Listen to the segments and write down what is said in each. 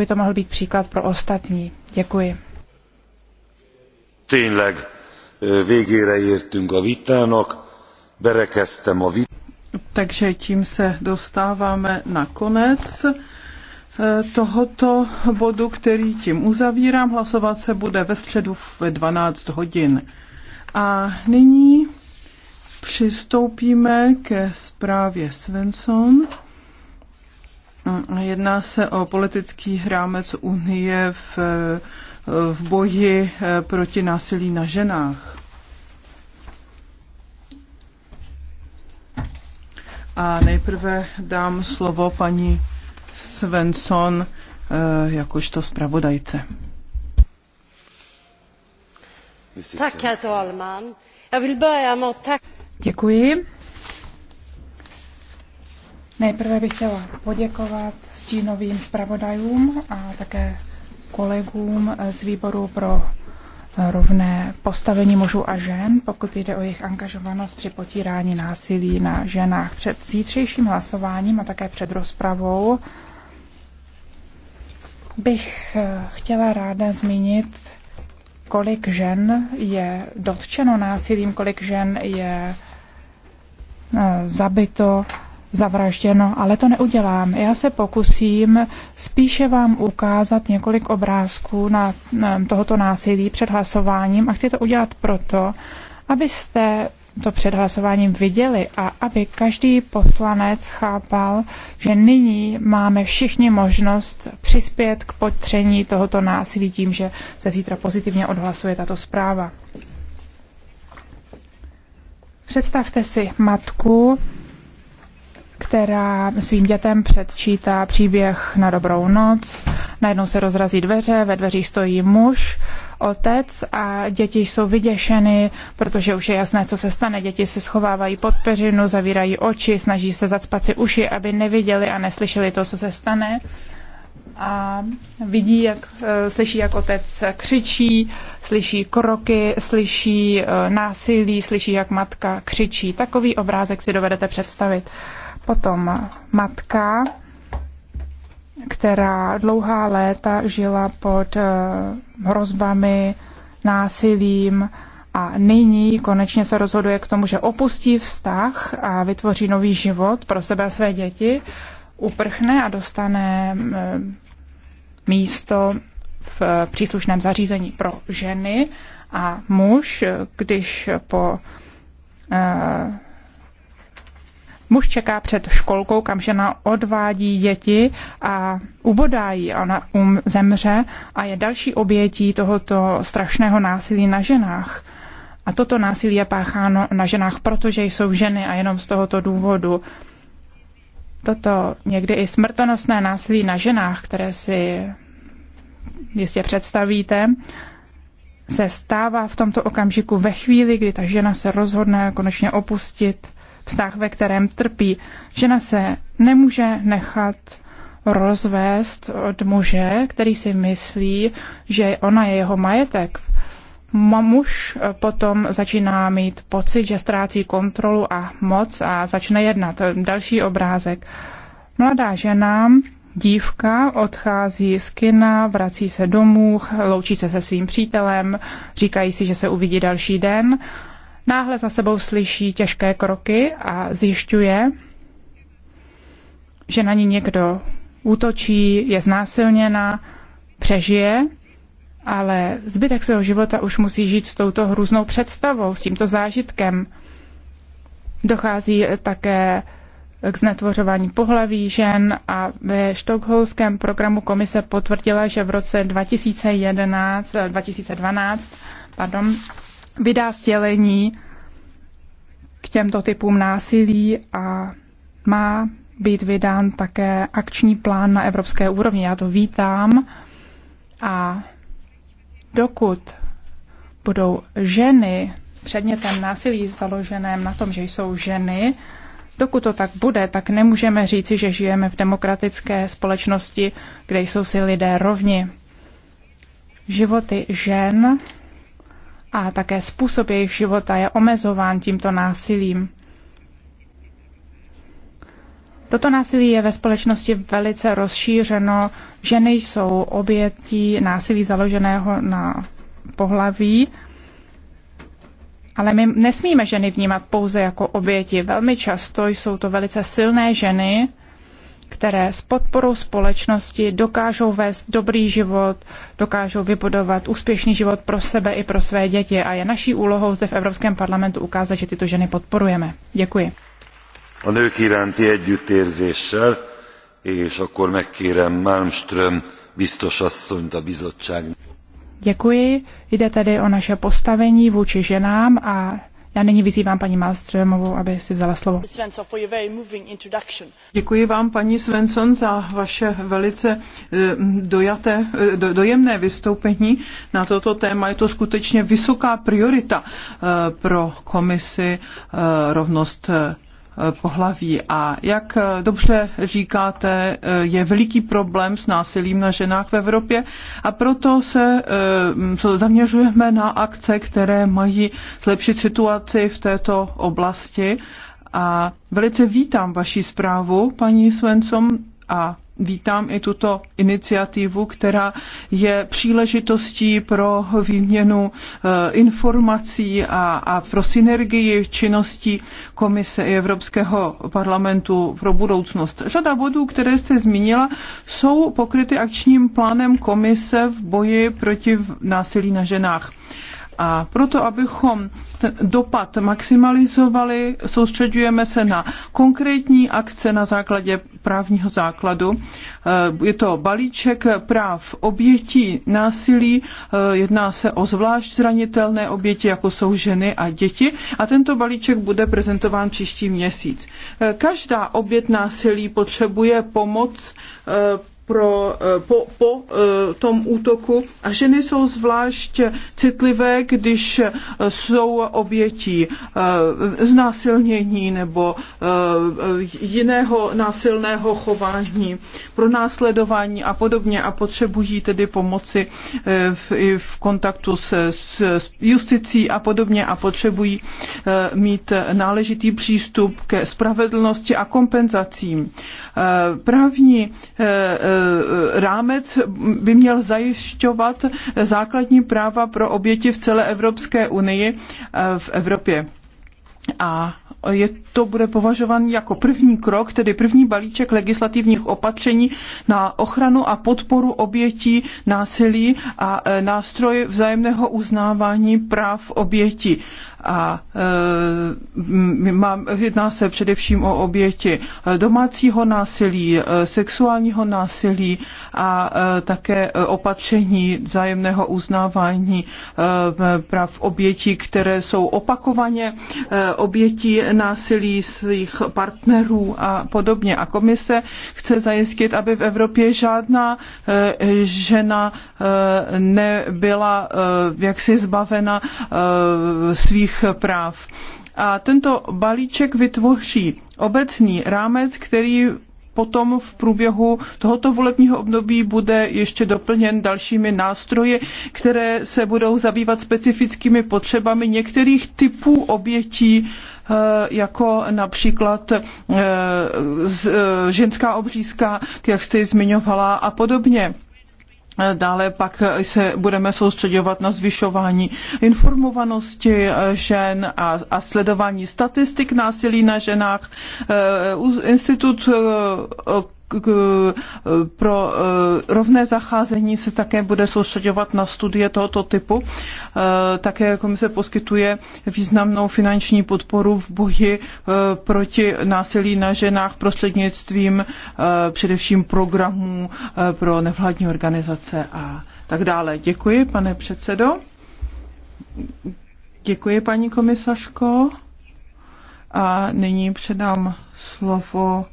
by to mohl být příklad pro ostatní. Děkuji. Tényleg e, végére értünk a vitának, berekeztem a vitát. Takže tím se dostáváme na konec e, tohoto bodu, který tím uzavírám. Hlasovat se bude ve středu ve 12 hodin. A nyní přistoupíme ke zprávě Svensson. Mm, jedná se o politický rámec Unie v, v boji eh, proti násilí na ženách. A nejprve dám slovo paní Svensson eh, jakožto zpravodajce. Děkuji. Nejprve bych chtěla poděkovat stínovým zpravodajům a také kolegům z výboru pro rovné postavení mužů a žen, pokud jde o jejich angažovanost při potírání násilí na ženách. Před zítřejším hlasováním a také před rozpravou bych eh, chtěla ráda zmínit, kolik žen je dotčeno násilím, kolik žen je eh, zabito zavražděno, ale to neudělám. Já se pokusím spíše vám ukázat několik obrázků na, na tohoto násilí před hlasováním a chci to udělat proto, abyste to před hlasováním viděli a aby každý poslanec chápal, že nyní máme všichni možnost přispět k potření tohoto násilí tím, že se zítra pozitivně odhlasuje tato zpráva. Představte si matku, která svým dětem předčítá příběh na dobrou noc. Najednou se rozrazí dveře, ve dveřích stojí muž, otec a děti jsou vyděšeny, protože už je jasné, co se stane. Děti se schovávají pod peřinu, zavírají oči, snaží se zacpat si uši, aby neviděli a neslyšeli to, co se stane. A vidí, jak, eh, slyší, jak otec křičí, slyší kroky, slyší eh, násilí, slyší, jak matka křičí. Takový obrázek si dovedete představit. Potom matka, která dlouhá léta žila pod eh, hrozbami, násilím a nyní konečně se rozhoduje k tomu, že opustí vztah a vytvoří nový život pro sebe a své děti, uprchne a dostane eh, místo v eh, příslušném zařízení pro ženy a muž, když po Muž čeká před školkou, kam žena odvádí děti a ubodá ji. Ona um zemře a je další obětí tohoto strašného násilí na ženách. A toto násilí je pácháno na ženách, protože jsou ženy a jenom z tohoto důvodu. Toto někdy i smrtonosné násilí na ženách, které si jistě představíte, se stává v tomto okamžiku ve chvíli, kdy ta žena se rozhodne konečně opustit vztah, ve kterém trpí. Žena se nemůže nechat rozvést od muže, který si myslí, že ona je jeho majetek. Muž eh, potom začíná mít pocit, že ztrácí kontrolu a moc a začne jednat. Další obrázek. Mladá žena, dívka, odchází z kina, vrací se domů, loučí se se svým přítelem, říkají si, že se uvidí další den Náhle za sebou slyší těžké kroky a zjišťuje, že na ní někdo útočí, je znásilněna, přežije, ale zbytek svého života už musí žít s touto hrůznou představou, s tímto zážitkem. Dochází také k znetvořování pohlaví žen a ve štokholském programu komise potvrdila, že v roce 2011, 2012 pardon, vydá stělení, k těmto typům násilí a má být vydán také akční plán na evropské úrovni. Já to vítám a dokud budou ženy předmětem násilí založeném na tom, že jsou ženy, dokud to tak bude, tak nemůžeme říci, že žijeme v demokratické společnosti, kde jsou si lidé rovni. Životy žen a také způsob jejich života je omezován tímto násilím. Toto násilí je ve společnosti velice rozšířeno. Ženy jsou obětí násilí založeného na pohlaví, ale my nesmíme ženy vnímat pouze jako oběti. Velmi často jsou to velice silné ženy, které s podporou společnosti dokážou vést dobrý život, dokážou vybudovat úspěšný život pro sebe i pro své děti. A je naší úlohou zde v Evropském parlamentu ukázat, že tyto ženy podporujeme. Děkuji. A nők iránti együttérzéssel, és akkor megkérem Malmström biztos asszonyt a bizottság. Děkuji. Jde tedy o naše postavení vůči ženám a já nyní vyzývám paní Malströmovou, aby si vzala slovo. Děkuji vám, paní Svensson, za vaše velice eh, dojaté, eh, dojemné vystoupení na toto téma. Je to skutečně vysoká priorita eh, pro komisi rovnost pohlaví. A jak dobře říkáte, je veliký problém s násilím na ženách v Evropě a proto se eh, zaměřujeme na akce, které mají zlepšit situaci v této oblasti. A velice vítám vaši zprávu, paní Svensson, a vítám i tuto iniciativu, která je příležitostí pro výměnu eh, informací a, a pro synergii činností Komise i Evropského parlamentu pro budoucnost. Řada bodů, které jste zmínila, jsou pokryty akčním plánem Komise v boji proti násilí na ženách. A proto, abychom ten dopad maximalizovali, soustředujeme se na konkrétní akce na základě právního základu. Eh, je to balíček práv obětí násilí, eh, jedná se o zvlášť zranitelné oběti, jako jsou ženy a děti. A tento balíček bude prezentován příští měsíc. Eh, každá obět násilí potřebuje pomoc pro, eh, po, po eh, tom útoku a ženy jsou zvlášť citlivé, když eh, jsou obětí znásilnění nebo jiného násilného chování, pro následování a podobně a potřebují tedy pomoci v, i v kontaktu se, s justicí a podobně a potřebují mít náležitý přístup ke spravedlnosti a kompenzacím. Právní Eh, rámec by měl zajišťovat základní práva pro oběti v celé Evropské unii eh, v Evropě. A je, to bude považován jako první krok, tedy první balíček legislativních opatření na ochranu a podporu obětí násilí a eh, nástroj vzájemného uznávání práv obětí a e, mám, jedná se především o oběti domácího násilí, e, sexuálního násilí a e, také opatření vzájemného uznávání práv obětí, které jsou opakovaně obětí násilí svých partnerů a podobně. A komise chce zajistit, aby v Evropě žádná žena nebyla jaksi zbavena svých lidských práv. A tento balíček vytvoří obecný rámec, který potom v průběhu tohoto volebního období bude ještě doplněn dalšími nástroji, které se budou zabývat specifickými potřebami některých typů obětí, eh, jako například eh, eh, ženská obřízka, jak jste ji zmiňovala, a podobně. Dále pak se budeme soustředovat na zvyšování informovanosti žen a, a sledování statistik násilí na ženách. Eh, institut eh, k, pro eh, rovné zacházení se také bude soustředovat na studie tohoto typu. Eh, také komise poskytuje významnou finanční podporu v boji eh, proti násilí na ženách prostřednictvím především programů pro nevládní organizace a tak dále. Děkuji, pane předsedo. Děkuji, paní komisařko. A nyní předám slovo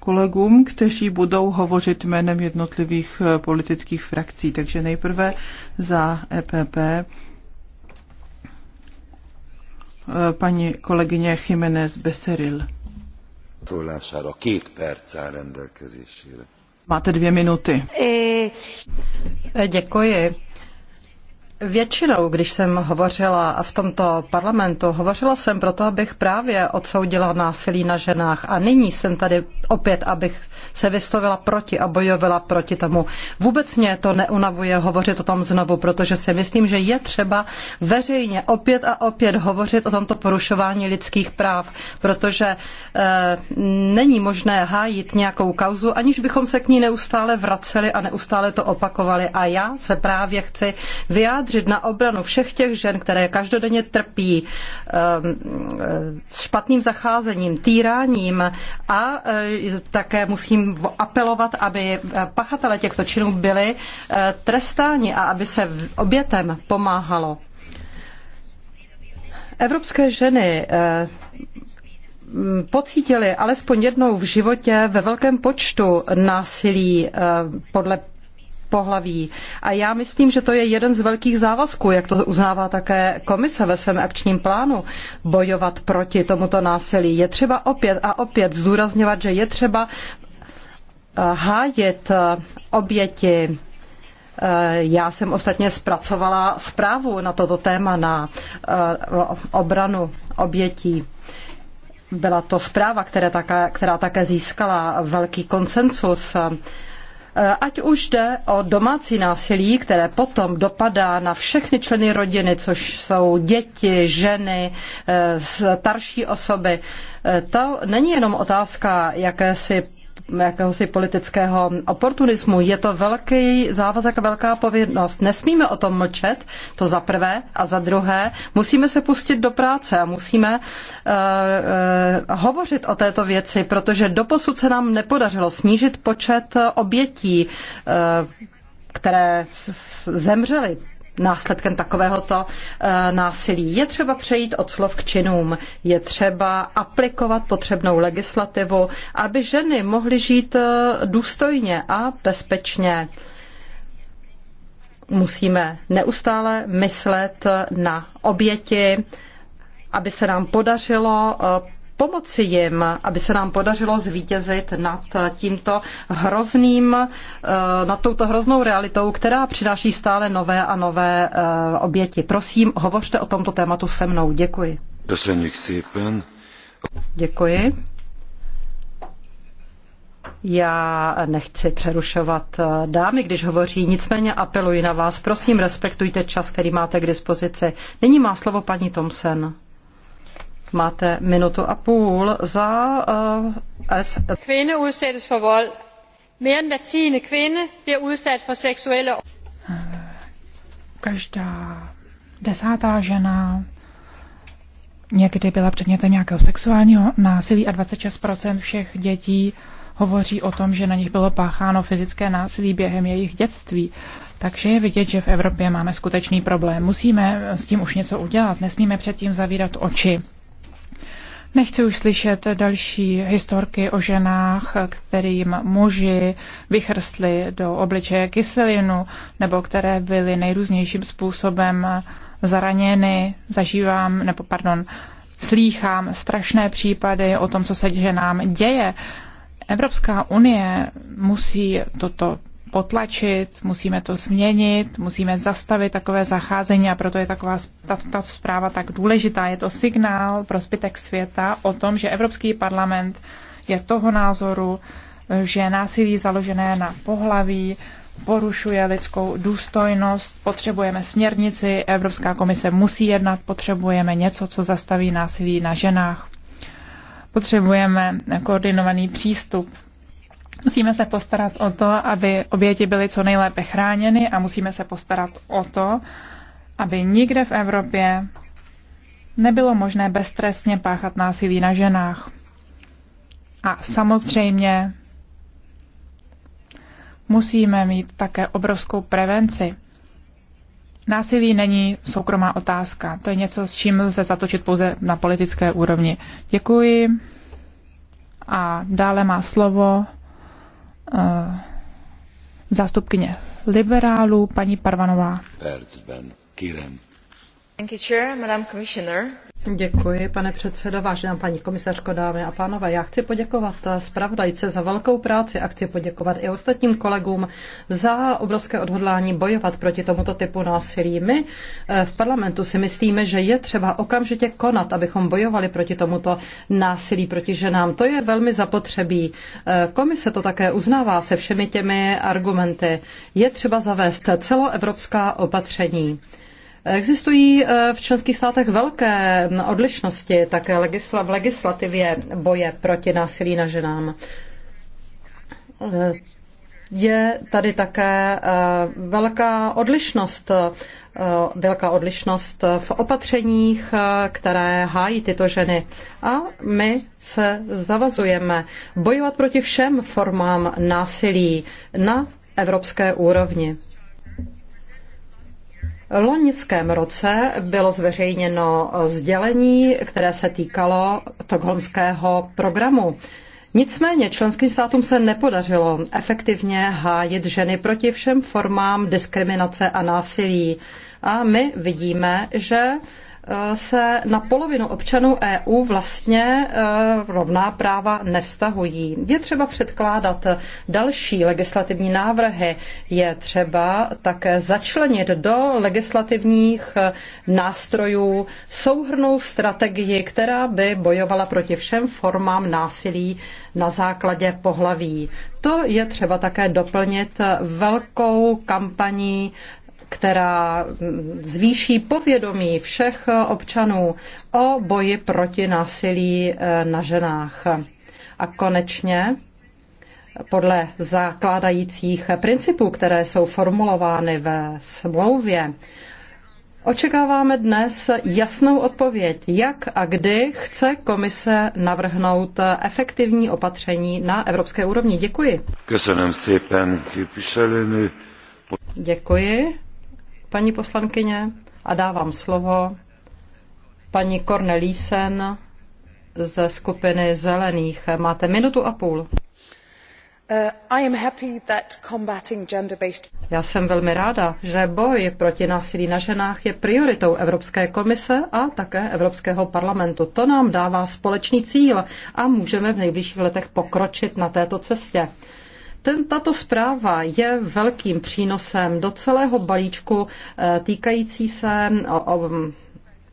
kolegům, kteří budou hovořit jménem jednotlivých eh, politických frakcí. Takže nejprve za EPP eh, paní kolegyně Jiménez Beseril. Máte dvě minuty. Eh, děkuji. Většinou, když jsem hovořila v tomto parlamentu, hovořila jsem proto, abych právě odsoudila násilí na ženách. A nyní jsem tady opět, abych se vyslovila proti a bojovala proti tomu. Vůbec mě to neunavuje hovořit o tom znovu, protože si myslím, že je třeba veřejně opět a opět hovořit o tomto porušování lidských práv, protože e, není možné hájit nějakou kauzu, aniž bychom se k ní neustále vraceli a neustále to opakovali. A já se právě chci vyjádřit vyjádřit na obranu všech těch žen, které každodenně trpí ehm, eh, špatným zacházením, týráním a eh, také musím apelovat, aby eh, pachatele těchto činů byli trestáni a aby se obětem pomáhalo. Evropské ženy pocítili alespoň jednou v životě ve velkém počtu násilí podle pohlaví. A já myslím, že to je jeden z velkých závazků, jak to uznává také komise ve svém akčním plánu, bojovat proti tomuto násilí. Je třeba opět a opět zdůrazňovat, že je třeba eh, hájit eh, oběti eh, já jsem ostatně zpracovala zprávu na toto téma na obranu obětí. Byla to zpráva, která také, která také získala velký konsensus Eh, ať už jde o domácí násilí, které potom dopadá na všechny členy rodiny, což jsou děti, ženy, eh, starší osoby, eh, to není jenom otázka jakési jakéhosi politického oportunismu. Je to velký závazek, velká povinnost. Nesmíme o tom mlčet, to za prvé, a za druhé musíme se pustit do práce a musíme uh, uh, hovořit o této věci, protože doposud se nám nepodařilo snížit počet obětí uh, které zemřely následkem takovéhoto eh, násilí. Je třeba přejít od slov k činům. Je třeba aplikovat potřebnou legislativu, aby ženy mohly žít eh, důstojně a bezpečně. Musíme neustále myslet na oběti, aby se nám podařilo eh, pomoci jim, aby se nám podařilo zvítězit nad tímto hrozným, eh, nad touto hroznou realitou, která přináší stále nové a nové eh, oběti. Prosím, hovořte o tomto tématu se mnou. Děkuji. Děkuji. Já nechci přerušovat eh, dámy, když hovoří, nicméně apeluji na vás, prosím, respektujte čas, který máte k dispozici. Nyní má slovo paní Thomsen. Máte minutu a půl za uh, S. Kvinde udsættes for vold. Mere end hver tiende kvinde bliver udsat for seksuelle... Každá desátá žena někdy byla předmětem nějakého sexuálního násilí a 26% všech dětí hovoří o tom, že na nich bylo pácháno fyzické násilí během jejich dětství. Takže je vidět, že v Evropě máme skutečný problém. Musíme s tím už něco udělat, nesmíme předtím zavírat oči. Nechci už slyšet další historky o ženách, kterým muži vychrstli do obličeje kyselinu, nebo které byly nejrůznějším způsobem zraněny. Zažívám, nebo pardon, slýchám strašné případy o tom, co se ženám děje. Evropská unie musí toto potlačit, musíme to změnit, musíme zastavit takové zacházení a proto je taková ta, ta zpráva tak důležitá. Je to signál pro zbytek světa o tom, že Evropský parlament je toho názoru, že násilí založené na pohlaví porušuje lidskou důstojnost, potřebujeme směrnici, Evropská komise musí jednat, potřebujeme něco, co zastaví násilí na ženách. Potřebujeme koordinovaný přístup Musíme se postarat o to, aby oběti byly co nejlépe chráněny a musíme se postarat o to, aby nikde v Evropě nebylo možné beztrestně páchat násilí na ženách. A samozřejmě musíme mít také obrovskou prevenci. Násilí není soukromá otázka. To je něco, s čím lze zatočit pouze na politické úrovni. Děkuji. A dále má slovo Eh, zástupkyně liberálů, paní Parvanová. Percben, Děkuji, pane předsedo, vážená paní komisařko, dámy a pánové. Já chci poděkovat zpravodajce za velkou práci a chci poděkovat i ostatním kolegům za obrovské odhodlání bojovat proti tomuto typu násilí. My eh, v parlamentu si myslíme, že je třeba okamžitě konat, abychom bojovali proti tomuto násilí proti ženám. To je velmi zapotřebí. Eh, komise to také uznává se všemi těmi argumenty. Je třeba zavést celoevropská opatření. Existují eh, v členských státech velké odlišnosti také v legislativě boje proti násilí na ženám. Eh, je tady také eh, velká odlišnost velká odlišnost v opatřeních, které hájí tyto ženy. A my se zavazujeme bojovat proti všem formám násilí na evropské úrovni loňském roce bylo zveřejněno sdělení, které se týkalo tokholmského programu. Nicméně členským státům se nepodařilo efektivně hájit ženy proti všem formám diskriminace a násilí. A my vidíme, že Eh, se na polovinu občanů EU vlastně eh, rovná práva nevztahují. Je třeba předkládat další legislativní návrhy, je třeba také začlenit do legislativních eh, nástrojů souhrnou strategii, která by bojovala proti všem formám násilí na základě pohlaví. To je třeba také doplnit velkou kampaní která zvýší povědomí všech občanů o boji proti násilí eh, na ženách. A konečně podle zakládajících principů, které jsou formulovány ve smlouvě, Očekáváme dnes jasnou odpověď, jak a kdy chce komise navrhnout efektivní opatření na evropské úrovni. Děkuji. Děkuji paní poslankyně, a dávám slovo paní Cornelísen ze skupiny Zelených. Máte minutu a půl. Uh, Já jsem velmi ráda, že boj proti násilí na ženách je prioritou Evropské komise a také Evropského parlamentu. To nám dává společný cíl a můžeme v nejbližších letech pokročit na této cestě. Ten, tato zpráva je velkým přínosem do celého balíčku eh, týkající se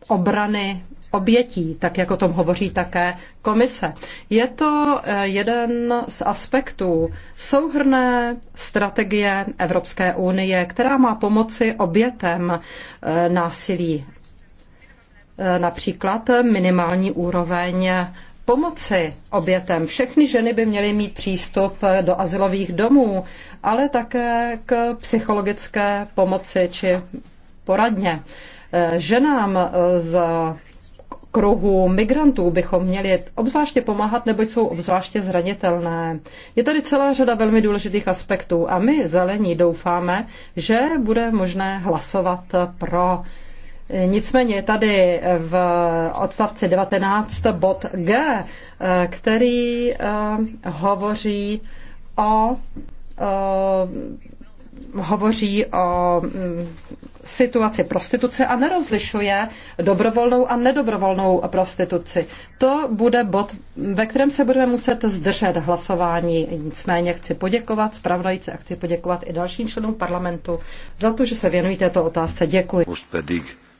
obrany obětí, tak jak o tom hovoří také komise. Je to eh, jeden z aspektů souhrné strategie Evropské unie, která má pomoci obětem eh, násilí. Například minimální úroveň pomoci obětem. Všechny ženy by měly mít přístup do asilových domů, ale také k psychologické pomoci či poradně. Eh, ženám eh, z kruhu migrantů bychom měli obzvláště pomáhat, neboť jsou obzvláště zranitelné. Je tady celá řada velmi důležitých aspektů a my zelení doufáme, že bude možné hlasovat pro Nicméně je tady v odstavci 19 bod G, který eh, hovoří o eh, hovoří o mm, situaci prostituce a nerozlišuje dobrovolnou a nedobrovolnou prostituci. To bude bod, ve kterém se budeme muset zdržet hlasování. Nicméně chci poděkovat zpravodajce a chci poděkovat i dalším členům parlamentu za to, že se věnují této otázce. Děkuji.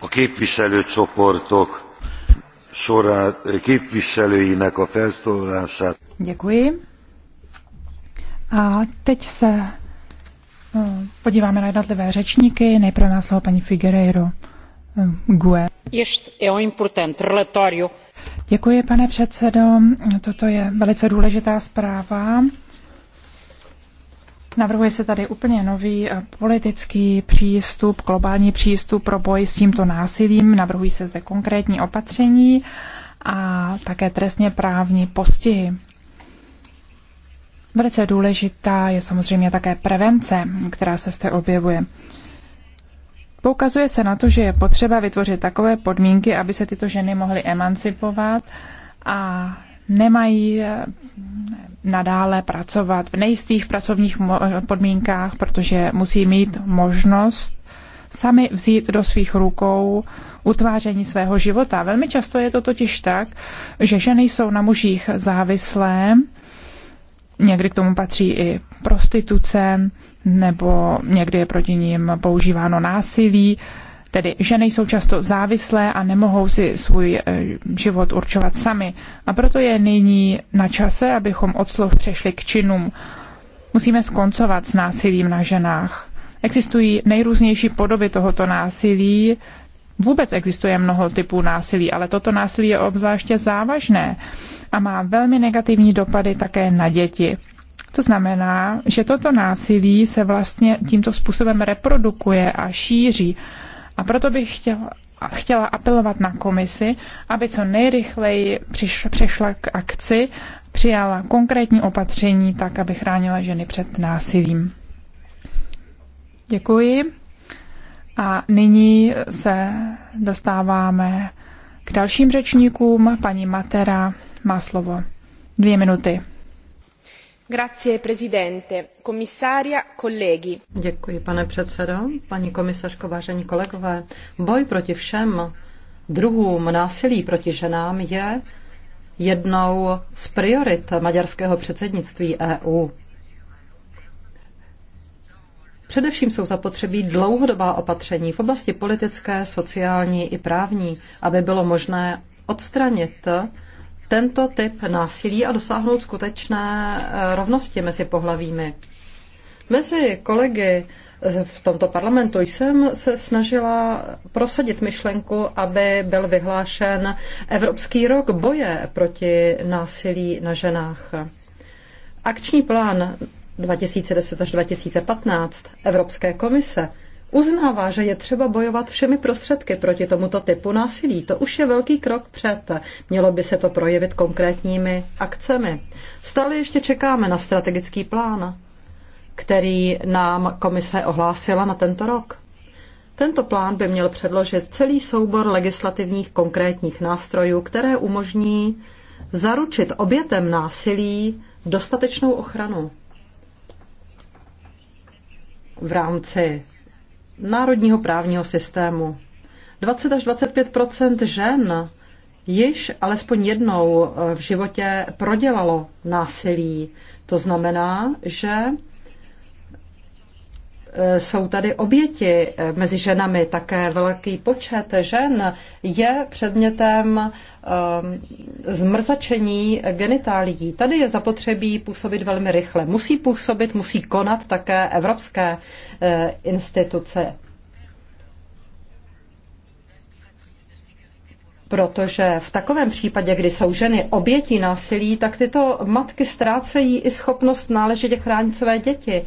a képviselőcsoportok képviselőinek a felszólalását. Děkuji. A teď se eh, podíváme na jednotlivé řečníky. Nejprve má slovo paní Figueiredo eh, Gue. Um Děkuji, pane předsedo. Toto je velice důležitá zpráva Navrhuje se tady úplně nový eh, politický přístup, globální přístup pro boj s tímto násilím. Navrhují se zde konkrétní opatření a také trestně právní postihy. Velice důležitá je samozřejmě také prevence, která se zde objevuje. Poukazuje se na to, že je potřeba vytvořit takové podmínky, aby se tyto ženy mohly emancipovat a nemají eh, nadále pracovat v nejistých pracovních podmínkách, protože musí mít možnost sami vzít do svých rukou utváření svého života. Velmi často je to totiž tak, že ženy jsou na mužích závislé, někdy k tomu patří i prostituce, nebo někdy je proti ním používáno násilí, Tedy ženy jsou často závislé a nemohou si svůj eh, život určovat sami. A proto je nyní na čase, abychom od slov přešli k činům. Musíme skoncovat s násilím na ženách. Existují nejrůznější podoby tohoto násilí. Vůbec existuje mnoho typů násilí, ale toto násilí je obzvláště závažné a má velmi negativní dopady také na děti. To znamená, že toto násilí se vlastně tímto způsobem reprodukuje a šíří. A proto bych chtěla, chtěla apelovat na komisi, aby co nejrychleji přiš, přešla k akci, přijala konkrétní opatření tak, aby chránila ženy před násilím. Děkuji. A nyní se dostáváme k dalším řečníkům. Paní Matera má slovo. Dvě minuty. Děkuji, pane předsedo, paní komisařko, vážení kolegové. Boj proti všem druhům násilí proti ženám je jednou z priorit maďarského předsednictví EU. Především jsou zapotřebí dlouhodobá opatření v oblasti politické, sociální i právní, aby bylo možné odstranit tento typ násilí a dosáhnout skutečné eh, rovnosti mezi pohlavími. Mezi kolegy v tomto parlamentu jsem se snažila prosadit myšlenku, aby byl vyhlášen Evropský rok boje proti násilí na ženách. Akční plán 2010 až 2015 Evropské komise uznává, že je třeba bojovat všemi prostředky proti tomuto typu násilí. To už je velký krok před. Mělo by se to projevit konkrétními akcemi. Stále ještě čekáme na strategický plán, který nám komise ohlásila na tento rok. Tento plán by měl předložit celý soubor legislativních konkrétních nástrojů, které umožní zaručit obětem násilí dostatečnou ochranu v rámci národního právního systému. 20 až 25 žen již alespoň jednou eh, v životě prodělalo násilí. To znamená, že eh, jsou tady oběti eh, mezi ženami, také velký počet žen je předmětem Um, zmrzačení genitálií. Tady je zapotřebí působit velmi rychle. Musí působit, musí konat také evropské eh, instituce. Protože v takovém případě, kdy jsou ženy obětí násilí, tak tyto matky ztrácejí i schopnost náležitě chránit své děti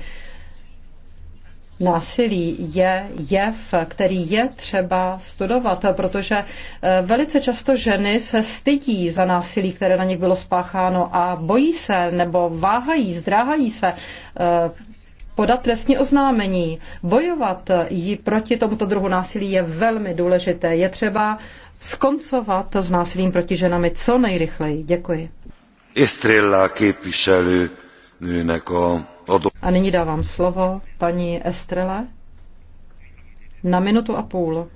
násilí je jev, který je třeba studovat, protože eh, velice často ženy se stydí za násilí, které na nich bylo spácháno a bojí se nebo váhají, zdráhají se eh, podat trestní oznámení. Bojovat ji proti tomuto druhu násilí je velmi důležité. Je třeba skoncovat s násilím proti ženami co nejrychleji. Děkuji. Estrella képviselő nőnek a a nyní dávám slovo paní Estrele na minutu a půl.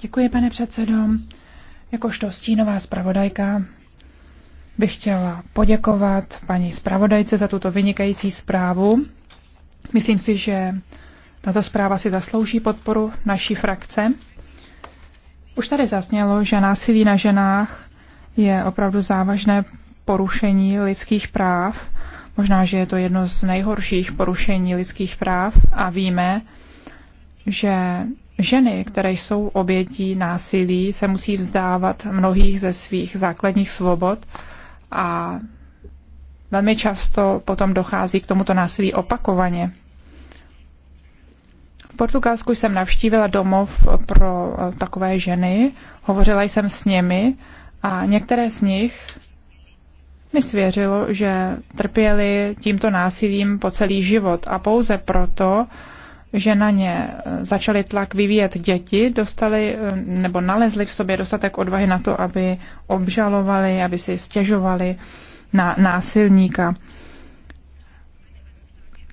Děkuji, pane předsedo. Jakožto stínová zpravodajka bych chtěla poděkovat paní zpravodajce za tuto vynikající zprávu. Myslím si, že tato zpráva si zaslouží podporu naší frakce. Už tady zasnělo, že násilí na ženách je opravdu závažné porušení lidských práv. Možná, že je to jedno z nejhorších porušení lidských práv a víme, že ženy, které jsou obětí násilí, se musí vzdávat mnohých ze svých základních svobod a velmi často potom dochází k tomuto násilí opakovaně. V Portugalsku jsem navštívila domov pro takové ženy, hovořila jsem s nimi a některé z nich mi svěřil, že trpěli tímto násilím po celý život a pouze proto, že na ně eh, začaly tlak vyvíjet děti, dostali eh, nebo nalezli v sobě dostatek odvahy na to, aby obžalovali, aby si stěžovali na násilníka.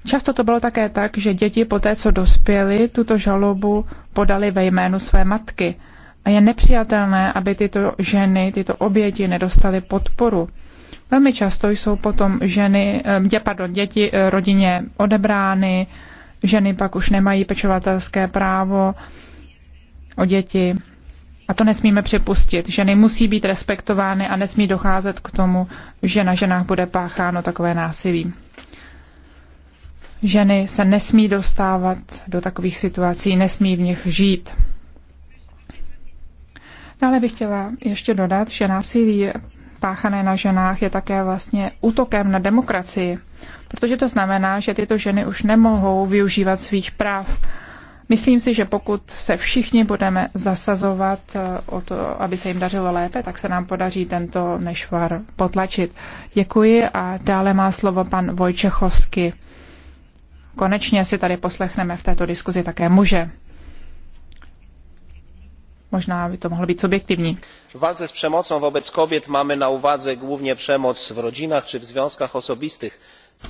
Často to bylo také tak, že děti po té, co dospěli, tuto žalobu podali ve jménu své matky. A je nepřijatelné, aby tyto ženy, tyto oběti nedostaly podporu. Velmi často jsou potom ženy, eh, dě, pardon, děti eh, rodině odebrány, ženy pak už nemají pečovatelské právo o děti. A to nesmíme připustit. Ženy musí být respektovány a nesmí docházet k tomu, že na ženách bude pácháno takové násilí. Ženy se nesmí dostávat do takových situací, nesmí v nich žít. Dále bych chtěla ještě dodat, že násilí páchané na ženách je také vlastně útokem na demokracii, protože to znamená, že tyto ženy už nemohou využívat svých práv. Myslím si, že pokud se všichni budeme zasazovat eh, o to, aby se jim dařilo lépe, tak se nám podaří tento nešvar potlačit. Děkuji a dále má slovo pan Vojčechovský. Konečně si tady poslechneme v této diskuzi také muže. Možná by to mohlo být subjektivní. V walce s przemocą vůbec kobět máme na uwadze hlavně přemoc v rodinách či v związkach osobistých.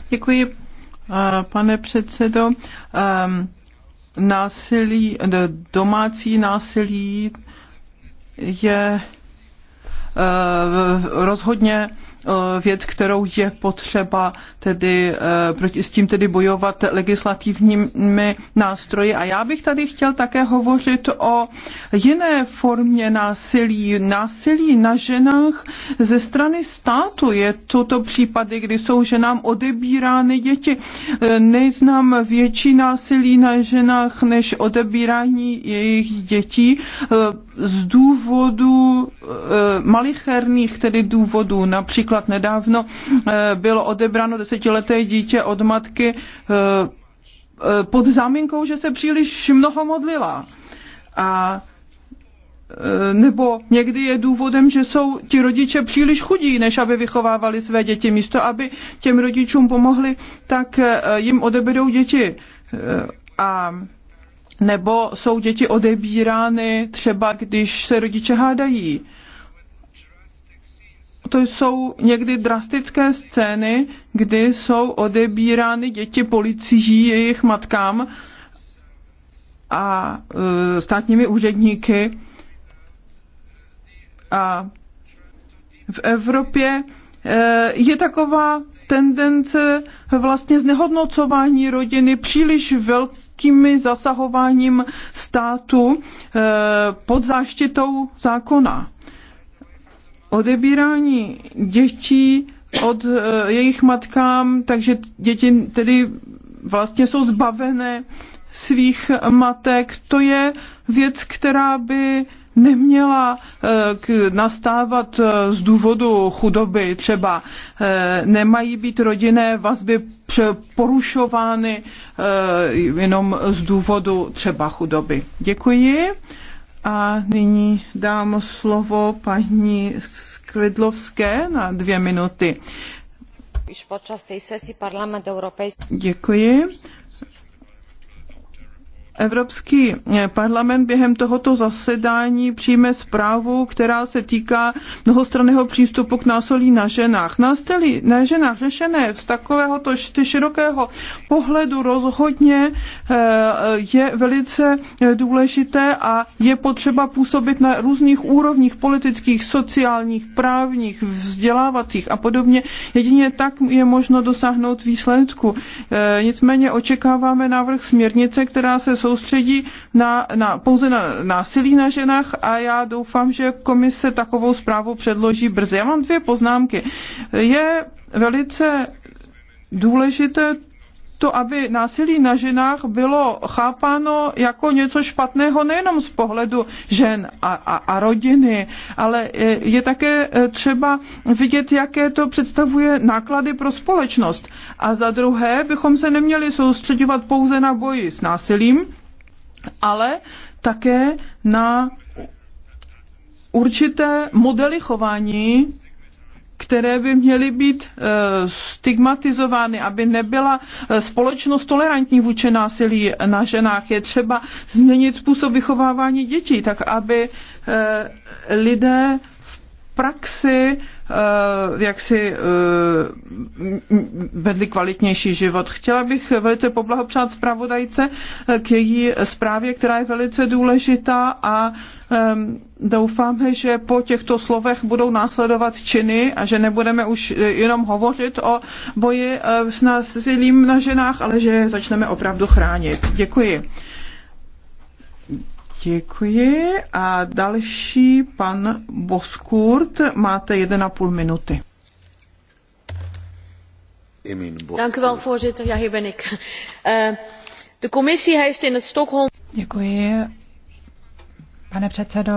Děkuji, pane předsedo. Ehm, násilí, domácí násilí je e, rozhodně Eh, věc, kterou je potřeba tedy eh, proti, s tím tedy bojovat legislativními nástroji. A já bych tady chtěl také hovořit o jiné formě násilí, násilí na ženách ze strany státu. Je toto to případy, kdy jsou ženám odebírány děti. Eh, neznám větší násilí na ženách než odebírání jejich dětí z důvodu eh, malicherných tedy důvodů. Například nedávno eh, bylo odebráno desetileté dítě od matky eh, pod záminkou, že se příliš mnoho modlila. A nebo někdy je důvodem, že jsou ti rodiče příliš chudí, než aby vychovávali své děti. Místo, aby těm rodičům pomohli, tak jim odeberou děti. A nebo jsou děti odebírány třeba, když se rodiče hádají. To jsou někdy drastické scény, kdy jsou odebírány děti policií jejich matkám a e, státními úředníky. A v Evropě e, je taková tendence vlastně znehodnocování rodiny příliš velkými zasahováním státu eh, pod záštitou zákona. Odebírání dětí od eh, jejich matkám, takže děti tedy vlastně jsou zbavené svých matek. To je věc, která by neměla eh, nastávat eh, z důvodu chudoby, třeba eh, nemají být rodinné vazby porušovány jenom z důvodu třeba chudoby. Děkuji. A nyní dám slovo paní Sklidlovské na dvě minuty. Děkuji Evropský eh, parlament během tohoto zasedání přijme zprávu, která se týká mnohostranného přístupu k násilí na ženách. Násilí na ženách řešené z takovéhoto širokého pohledu rozhodně eh, je velice eh, důležité a je potřeba působit na různých úrovních politických, sociálních, právních, vzdělávacích a podobně. Jedině tak je možno dosáhnout výsledku. Nicméně očekáváme návrh směrnice, která se soustředí soustředí na, na, pouze na násilí na ženách a já doufám, že komise takovou zprávu předloží brzy. Já mám dvě poznámky. Je velice důležité to, aby násilí na ženách bylo chápáno jako něco špatného nejenom z pohledu žen a, a, a rodiny, ale je, je také eh, třeba vidět, jaké to představuje náklady pro společnost. A za druhé bychom se neměli soustředovat pouze na boji s násilím, ale také na určité modely chování, které by měly být eh, stigmatizovány, aby nebyla eh, společnost tolerantní vůči násilí na ženách. Je třeba změnit způsob vychovávání dětí, tak aby eh, lidé v praxi Eh, jak si eh, vedli kvalitnější život. Chtěla bych velice poblahopřát zpravodajce eh, k její zprávě, která je velice důležitá a doufáme, že po těchto slovech budou následovat činy a že nebudeme už jenom hovořit o boji s násilím na ženách, ale že začneme opravdu chránit. Děkuji. Děkuji. A další pan Boskurt, máte 1,5 minuty. Dank u wel, voorzitter. Ja, hier ben ik. Uh, de commissie heeft in het Stockholm... Děkuji, pane předsedo.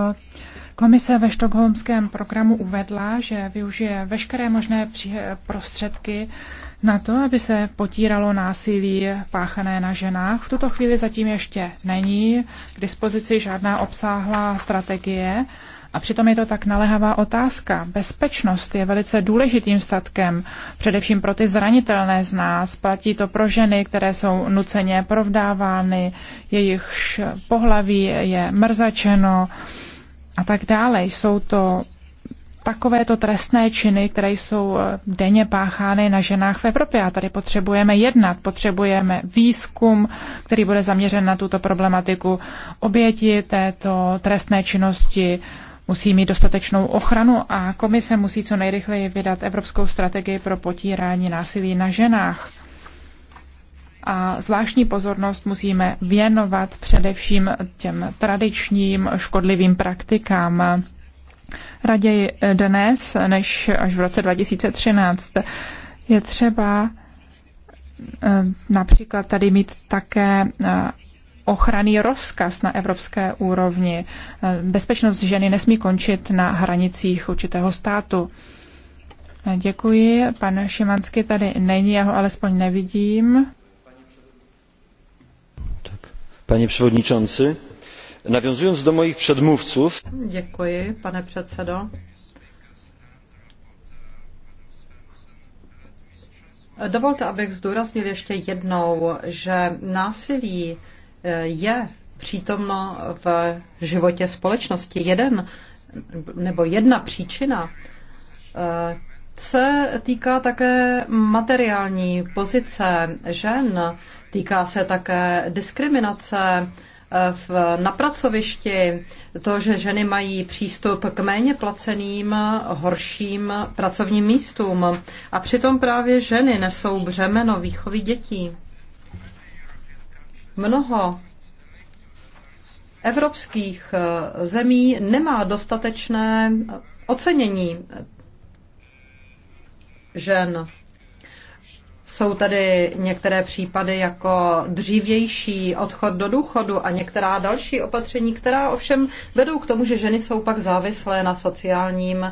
Komise ve štokholmském programu uvedla, že využije veškeré možné prostředky uh, na to, aby se potíralo násilí páchané na ženách, v tuto chvíli zatím ještě není k dispozici žádná obsáhlá strategie. A přitom je to tak naléhavá otázka. Bezpečnost je velice důležitým statkem, především pro ty zranitelné z nás. Platí to pro ženy, které jsou nuceně provdávány, jejich pohlaví je mrzačeno a tak dále. Jsou to takovéto trestné činy, které jsou eh, denně páchány na ženách v Evropě. A tady potřebujeme jednat, potřebujeme výzkum, který bude zaměřen na tuto problematiku. Oběti této trestné činnosti musí mít dostatečnou ochranu a komise musí co nejrychleji vydat evropskou strategii pro potírání násilí na ženách. A zvláštní pozornost musíme věnovat především těm tradičním škodlivým praktikám raději dnes, než až v roce 2013. Je třeba eh, například tady mít také eh, ochranný rozkaz na evropské úrovni. Eh, bezpečnost ženy nesmí končit na hranicích určitého státu. Děkuji. Pan Šimanský, tady není, já ho alespoň nevidím. Pane předsedající. przewodniczący, Nawiązując do moich przedmówców. Děkuji, pane předsedo. Dovolte, abych zdůraznil ještě jednou, že násilí eh, je přítomno v životě společnosti. Jeden nebo jedna příčina eh, se týká také materiální pozice žen, týká se také diskriminace v, na pracovišti, to, že ženy mají přístup k méně placeným, horším pracovním místům. A přitom právě ženy nesou břemeno výchovy dětí. Mnoho evropských eh, zemí nemá dostatečné ocenění žen. Jsou tady některé případy jako dřívější odchod do důchodu a některá další opatření, která ovšem vedou k tomu, že ženy jsou pak závislé na sociálním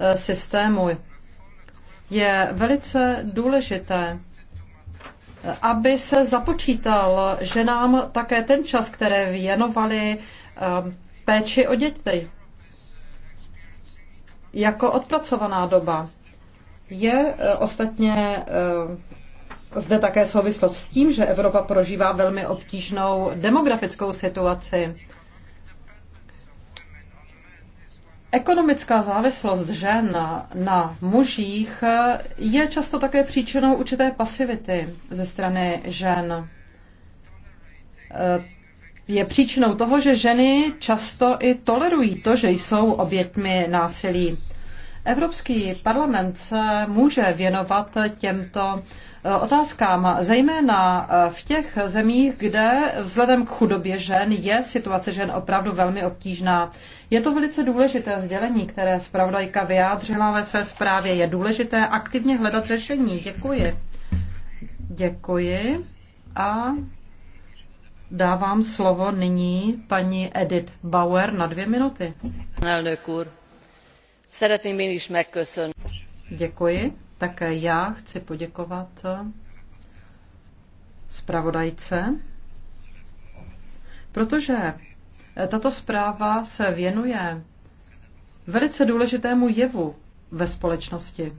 e, systému. Je velice důležité, e, aby se započítal ženám také ten čas, které věnovali e, péči o děti jako odpracovaná doba. Je e, ostatně e, zde také souvislost s tím, že Evropa prožívá velmi obtížnou demografickou situaci. Ekonomická závislost žen na mužích e, je často také příčinou určité pasivity ze strany žen. Je příčinou toho, že ženy často i tolerují to, že jsou obětmi násilí. Evropský parlament se může věnovat těmto eh, otázkám, zejména eh, v těch zemích, kde vzhledem k chudobě žen je situace žen opravdu velmi obtížná. Je to velice důležité sdělení, které zpravodajka vyjádřila ve své zprávě. Je důležité aktivně hledat řešení. Děkuji. Děkuji a dávám slovo nyní paní Edith Bauer na dvě minuty. Elnök úr, Szeretném én is megköszönni. Děkuji. Také já chci poděkovat zpravodajce, protože tato zpráva se věnuje velice důležitému jevu ve společnosti.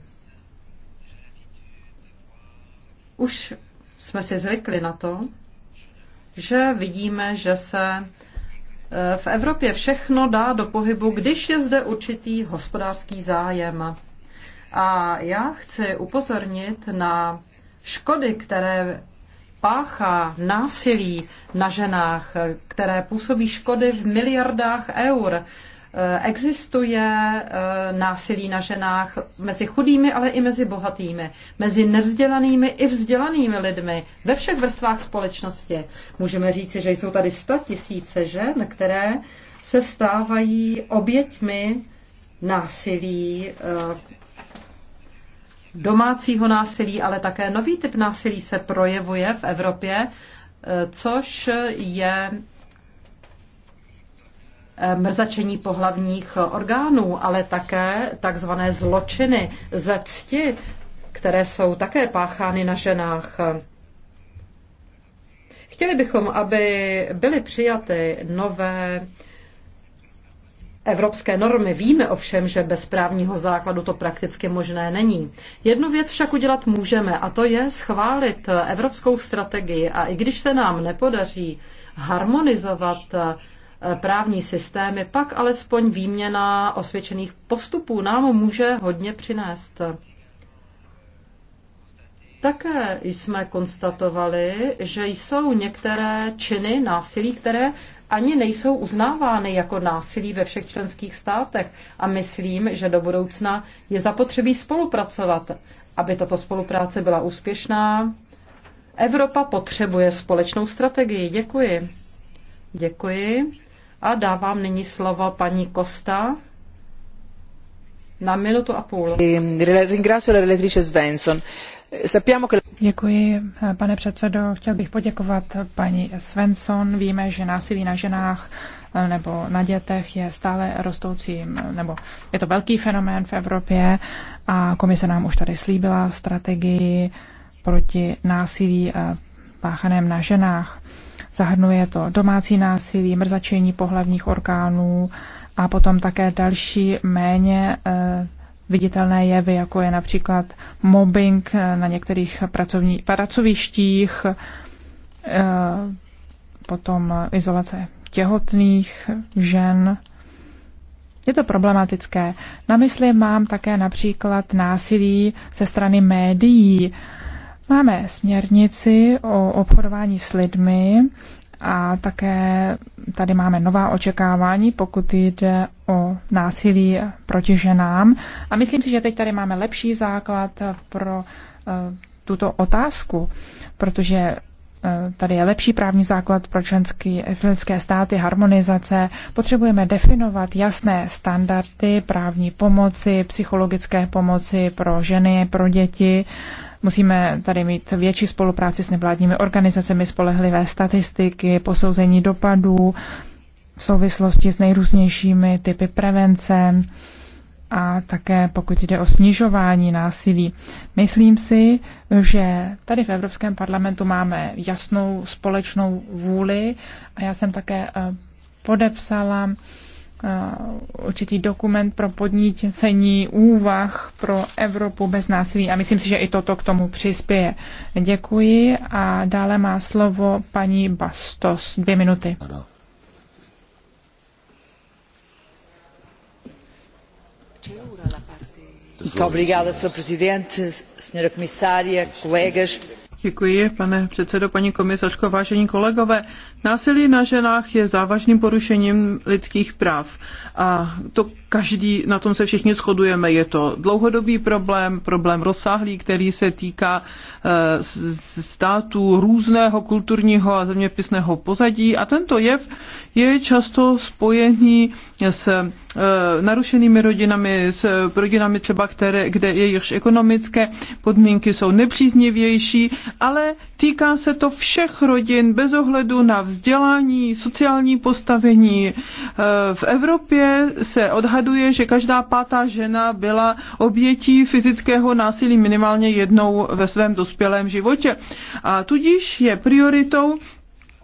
Už jsme si zvykli na to, že vidíme, že se v Evropě všechno dá do pohybu, když je zde určitý hospodářský zájem. A já chci upozornit na škody, které páchá násilí na ženách, které působí škody v miliardách eur Eh, existuje eh, násilí na ženách mezi chudými, ale i mezi bohatými, mezi nevzdělanými i vzdělanými lidmi ve všech vrstvách společnosti. Můžeme říci, že jsou tady sta tisíce žen, které se stávají oběťmi násilí eh, domácího násilí, ale také nový typ násilí se projevuje v Evropě, což je mrzačení pohlavních orgánů, ale také takzvané zločiny ze cti, které jsou také páchány na ženách. Chtěli bychom, aby byly přijaty nové evropské normy. Víme ovšem, že bez právního základu to prakticky možné není. Jednu věc však udělat můžeme a to je schválit evropskou strategii. A i když se nám nepodaří harmonizovat právní systémy, pak alespoň výměna osvědčených postupů nám může hodně přinést. Také jsme konstatovali, že jsou některé činy násilí, které ani nejsou uznávány jako násilí ve všech členských státech a myslím, že do budoucna je zapotřebí spolupracovat. Aby tato spolupráce byla úspěšná, Evropa potřebuje společnou strategii. Děkuji. Děkuji. A dávám nyní slovo paní Kosta na minutu a půl. E, Děkuji, pane předsedo. Chtěl bych poděkovat paní Svensson. Víme, že násilí na ženách e, nebo na dětech je stále rostoucím, nebo je to velký fenomén v Evropě a komise nám už tady slíbila strategii proti násilí e, páchaném na ženách. Zahrnuje to domácí násilí, mrzačení pohlavních orgánů a potom také další méně eh, viditelné jevy, jako je například mobbing eh, na některých pracovní, pracovištích, eh, potom izolace těhotných žen. Je to problematické. Na mysli mám také například násilí ze strany médií, Máme směrnici o obchodování s lidmi a také tady máme nová očekávání, pokud jde o násilí proti ženám. A myslím si, že teď tady máme lepší základ pro uh, tuto otázku, protože eh, tady je lepší právní základ pro členské státy, harmonizace. Potřebujeme definovat jasné standardy právní pomoci, psychologické pomoci pro ženy, pro děti Musíme tady mít větší spolupráci s nevládními organizacemi, spolehlivé statistiky, posouzení dopadů v souvislosti s nejrůznějšími typy prevence a také pokud jde o snižování násilí. Myslím si, že tady v Evropském parlamentu máme jasnou společnou vůli a já jsem také eh, podepsala Eh, určitý dokument pro podnícení úvah pro Evropu bez násilí a myslím si, že i toto k tomu přispěje. Děkuji a dále má slovo paní Bastos. Dvě minuty. Děkuji, pane předsedo, paní komisařko, vážení kolegové Násilí na ženách je závažným porušením lidských práv a to každý, na tom se všichni shodujeme. Je to dlouhodobý problém, problém rozsáhlý, který se týká eh, států různého kulturního a zeměpisného pozadí a tento jev je často spojený s eh, narušenými rodinami, s rodinami třeba, které, kde jejichž ekonomické podmínky jsou nepříznivější, ale týká se to všech rodin bez ohledu na vzdělání, sociální postavení. Eh, v Evropě se odhaduje, že každá pátá žena byla obětí fyzického násilí minimálně jednou ve svém dospělém životě. A tudíž je prioritou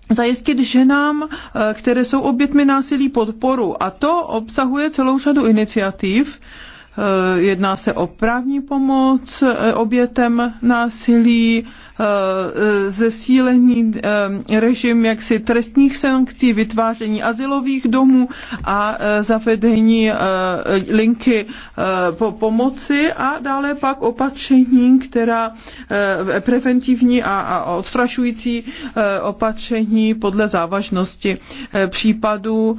zajistit ženám, eh, které jsou obětmi násilí, podporu. A to obsahuje celou řadu iniciativ. Eh, jedná se o právní pomoc obětem násilí, Eh, zesílení eh, režim jaksi trestních sankcí, vytváření asilových domů a eh, zavedení linky po pomoci a dále pak opatření, která preventivní a, a odstrašující opatření podle závažnosti případů.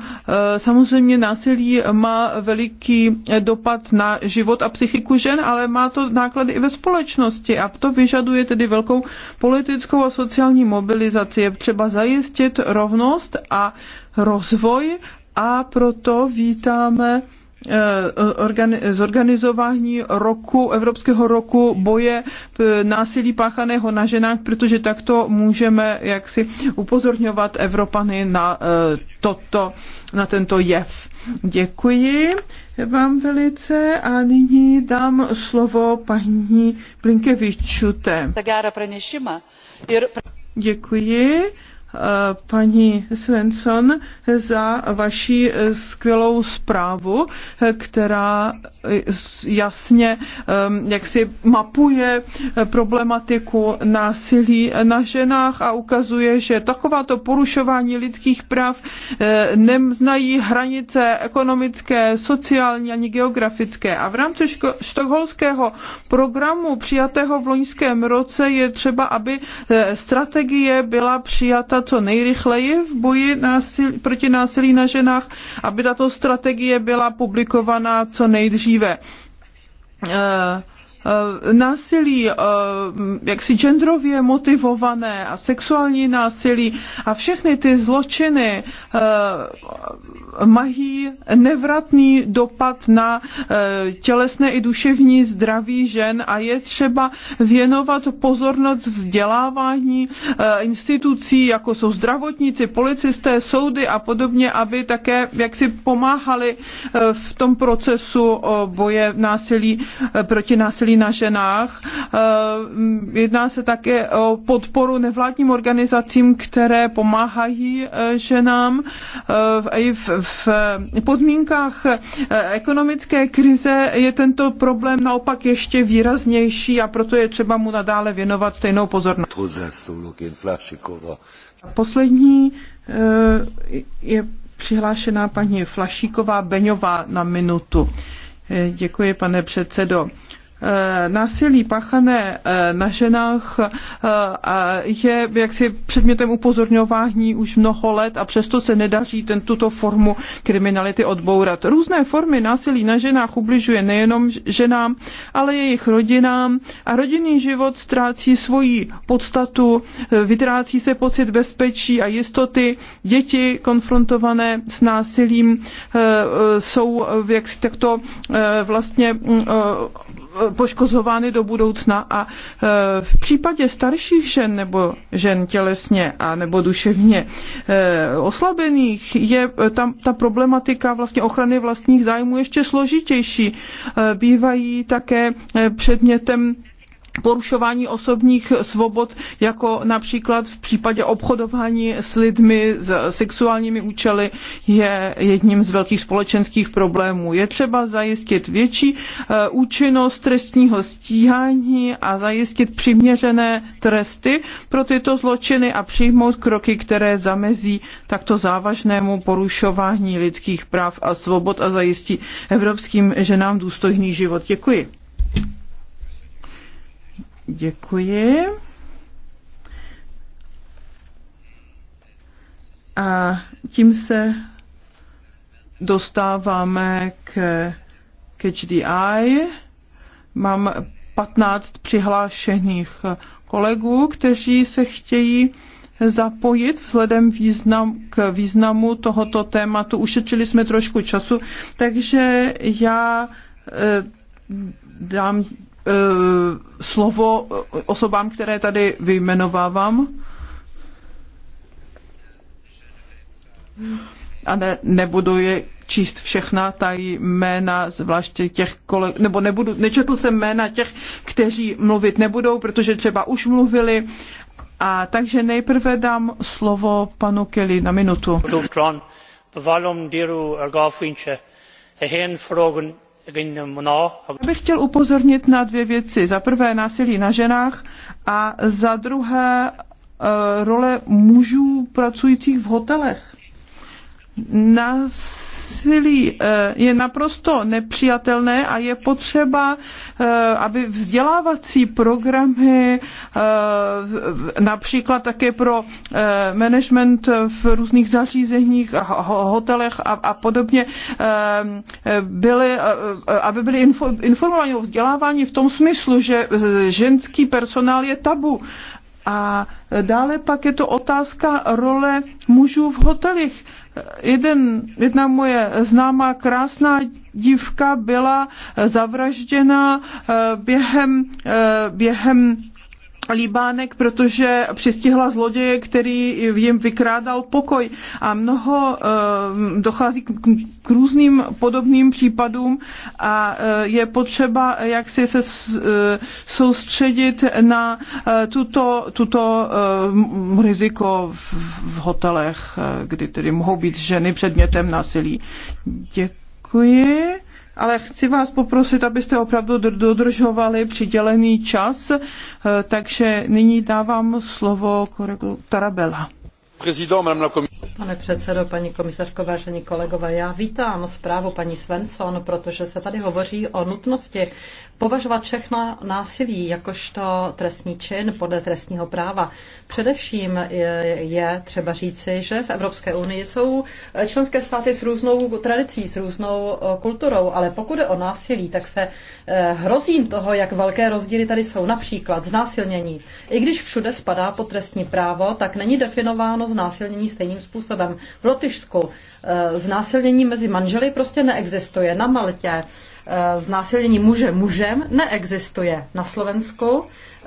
Samozřejmě násilí má veliký dopad na život a psychiku žen, ale má to náklady i ve společnosti a to vyžaduje tedy velkou politickou a sociální mobilizaci. Je třeba zajistit rovnost a rozvoj a proto vítáme eh, zorganizování roku, Evropského roku boje eh, násilí páchaného na ženách, protože takto můžeme jaksi upozorňovat Evropany na, eh, toto, na tento jev. Děkuji vám velice a nyní dám slovo paní Blinkevičute. Děkuji. Eh, paní Svensson za vaši skvělou zprávu, eh, která eh, jasně jak si mapuje problematiku násilí na ženách a ukazuje, že takováto porušování lidských práv neznají hranice ekonomické, sociální ani geografické. A v rámci štokholského programu přijatého v loňském roce je třeba, aby strategie byla přijata jednat co nejrychleji v boji násil, proti násilí na ženách, aby tato strategie byla publikovaná co nejdříve. Uh, Eh, násilí, eh, jaksi genderově motivované a sexuální násilí a všechny ty zločiny eh, mají nevratný dopad na tělesné i duševní zdraví žen a je třeba věnovat pozornost vzdělávání institucí, jako jsou zdravotníci, policisté, soudy a podobně, aby také jaksi pomáhali v tom procesu boje násilí proti násilí na ženách. Eh, jedná se také o podporu nevládním organizacím, které pomáhají eh, ženám eh, i v, v podmínkách ekonomické krize je tento problém naopak ještě výraznější a proto je třeba mu nadále věnovat stejnou pozornost. Poslední je přihlášená paní Flašíková Beňová na minutu. Děkuji, pane předsedo. Eh, násilí páchané eh, na ženách eh, je jaksi předmětem upozorňování už mnoho let a přesto se nedaří ten, tuto formu kriminality odbourat. Různé formy násilí na ženách ubližuje nejenom ženám, ale jejich rodinám a rodinný život ztrácí svoji podstatu, vytrácí se pocit bezpečí a jistoty. Děti konfrontované s násilím jsou jaksi takto vlastně mm, poškozovány do budoucna a e, v případě starších žen nebo žen tělesně a nebo duševně e, oslabených je tam ta problematika vlastně ochrany vlastních zájmů ještě složitější. E, bývají také předmětem porušování osobních svobod, jako například v případě obchodování s lidmi s sexuálními účely, je jedním z velkých společenských problémů. Je třeba zajistit větší eh, účinnost trestního stíhání a zajistit přiměřené tresty pro tyto zločiny a přijmout kroky, které zamezí takto závažnému porušování lidských práv a svobod a zajistí evropským ženám důstojný život. Děkuji. Děkuji. A tím se dostáváme k Catch the Eye. Mám 15 přihlášených kolegů, kteří se chtějí zapojit vzhledem význam, k významu tohoto tématu. Ušetřili jsme trošku času, takže já eh, dám Eh, slovo osobám, které tady vyjmenovávám. A ne, nebudu je číst všechna ta jména, zvláště těch kolegů, nebo nebudu, nečetl jsem jména těch, kteří mluvit nebudou, protože třeba už mluvili. A takže nejprve dám slovo panu Kelly na minutu. Já bych chtěl upozornit na dvě věci. Za prvé násilí na ženách a za druhé eh, role mužů pracujících v hotelech. Nás násilí eh, je naprosto nepřijatelné a je potřeba, eh, aby vzdělávací programy, eh, například také pro management v různých zařízeních, hotelech a podobně, byly, aby byly informovány o vzdělávání v tom smyslu, že ženský personál je tabu. A dále pak je to otázka role mužů v hotelích jeden, jedna moje známá krásná dívka byla zavražděna eh, během, eh, během líbánek, protože přistihla zloděje, který jim vykrádal pokoj. A mnoho eh, dochází k různým podobným případům a eh, je potřeba jak si se eh, soustředit na tuto, tuto riziko v hotelech, kdy tedy mohou být ženy předmětem násilí. Děkuji ale chci vás poprosit, abyste opravdu dodržovali přidělený čas, eh, takže nyní dávám slovo kolegu Tarabela. Pane předsedo, paní komisařko, vážení kolegové, já vítám zprávu paní Svensson, protože se tady hovoří o nutnosti považovat všechna násilí jakožto trestní čin podle trestního práva. Především je, je třeba říci, že v Evropské unii jsou členské státy s různou tradicí, s různou eh, kulturou, ale pokud je o násilí, tak se eh, hrozím toho, jak velké rozdíly tady jsou. Například znásilnění. I když všude spadá pod trestní právo, tak není definováno znásilnění stejným způsobem. V Lotyšsku eh, znásilnění mezi manželi prostě neexistuje. Na Maltě eh, znásilnění muže mužem neexistuje. Na Slovensku eh,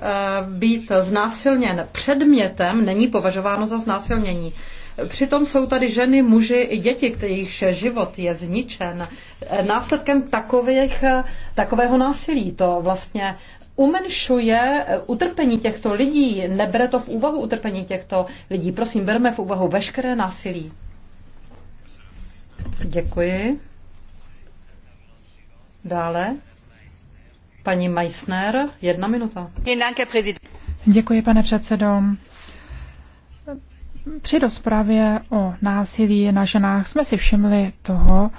být znásilněn předmětem není považováno za znásilnění. Přitom jsou tady ženy, muži i děti, jejichž život je zničen následkem takových, takového násilí. To vlastně umenšuje eh, utrpení těchto lidí, nebere to v úvahu utrpení těchto lidí. Prosím, berme v úvahu veškeré násilí. Děkuji. Dále. Paní Meissner, jedna minuta. Děkuji, pane předsedo. Při rozpravě o násilí na ženách jsme si všimli toho,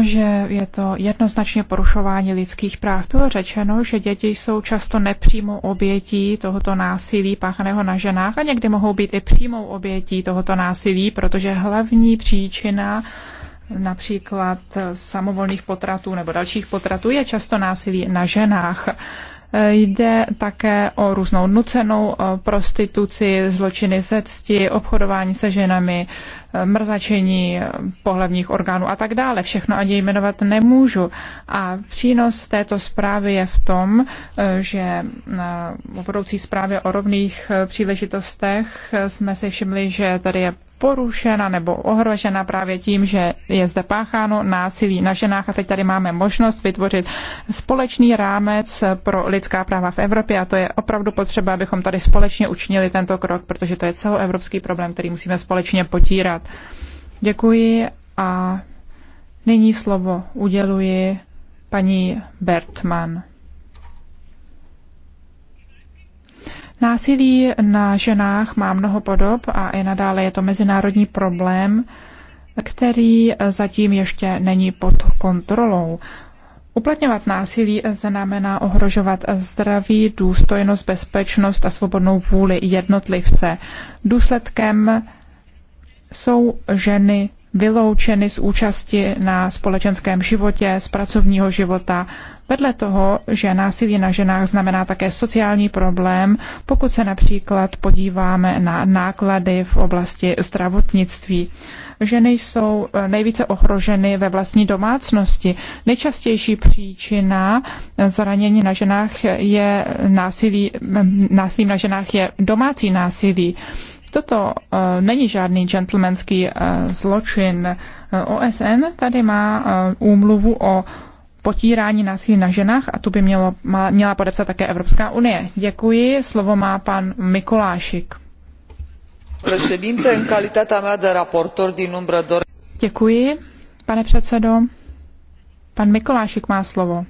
že je to jednoznačně porušování lidských práv. Bylo řečeno, že děti jsou často nepřímou obětí tohoto násilí páchaného na ženách a někdy mohou být i přímou obětí tohoto násilí, protože hlavní příčina například samovolných potratů nebo dalších potratů je často násilí na ženách. Jde také o různou nucenou eh, prostituci, zločiny ze cti, obchodování se ženami, mrzačení pohlavních orgánů a tak dále. Všechno ani jmenovat nemůžu. A přínos této zprávy je v tom, že v budoucí zprávě o rovných příležitostech jsme si všimli, že tady je porušena nebo ohrožena právě tím, že je zde pácháno násilí na ženách a teď tady máme možnost vytvořit společný rámec pro lidská práva v Evropě a to je opravdu potřeba, abychom tady společně učinili tento krok, protože to je celoevropský problém, který musíme společně potírat. Děkuji a nyní slovo uděluji paní Bertman. Násilí na ženách má mnoho podob a i nadále je to mezinárodní problém, který zatím ještě není pod kontrolou. Uplatňovat násilí znamená ohrožovat zdraví, důstojnost, bezpečnost a svobodnou vůli jednotlivce. Důsledkem jsou ženy vyloučeny z účasti na společenském životě, z pracovního života, Vedle toho, že násilí na ženách znamená také sociální problém, pokud se například podíváme na náklady v oblasti zdravotnictví. Ženy jsou eh, nejvíce ohroženy ve vlastní domácnosti. Nejčastější příčina zranění na ženách je násilí, eh, násilí na ženách je domácí násilí. Toto uh, není žádný gentlemanský uh, zločin. OSN tady má uh, úmluvu o potírání násilí na ženách a tu by mělo, měla podepsat také Evropská unie. Děkuji, slovo má pan Mikolášik. Děkuji, pane předsedo. Pan Mikolášik má slovo.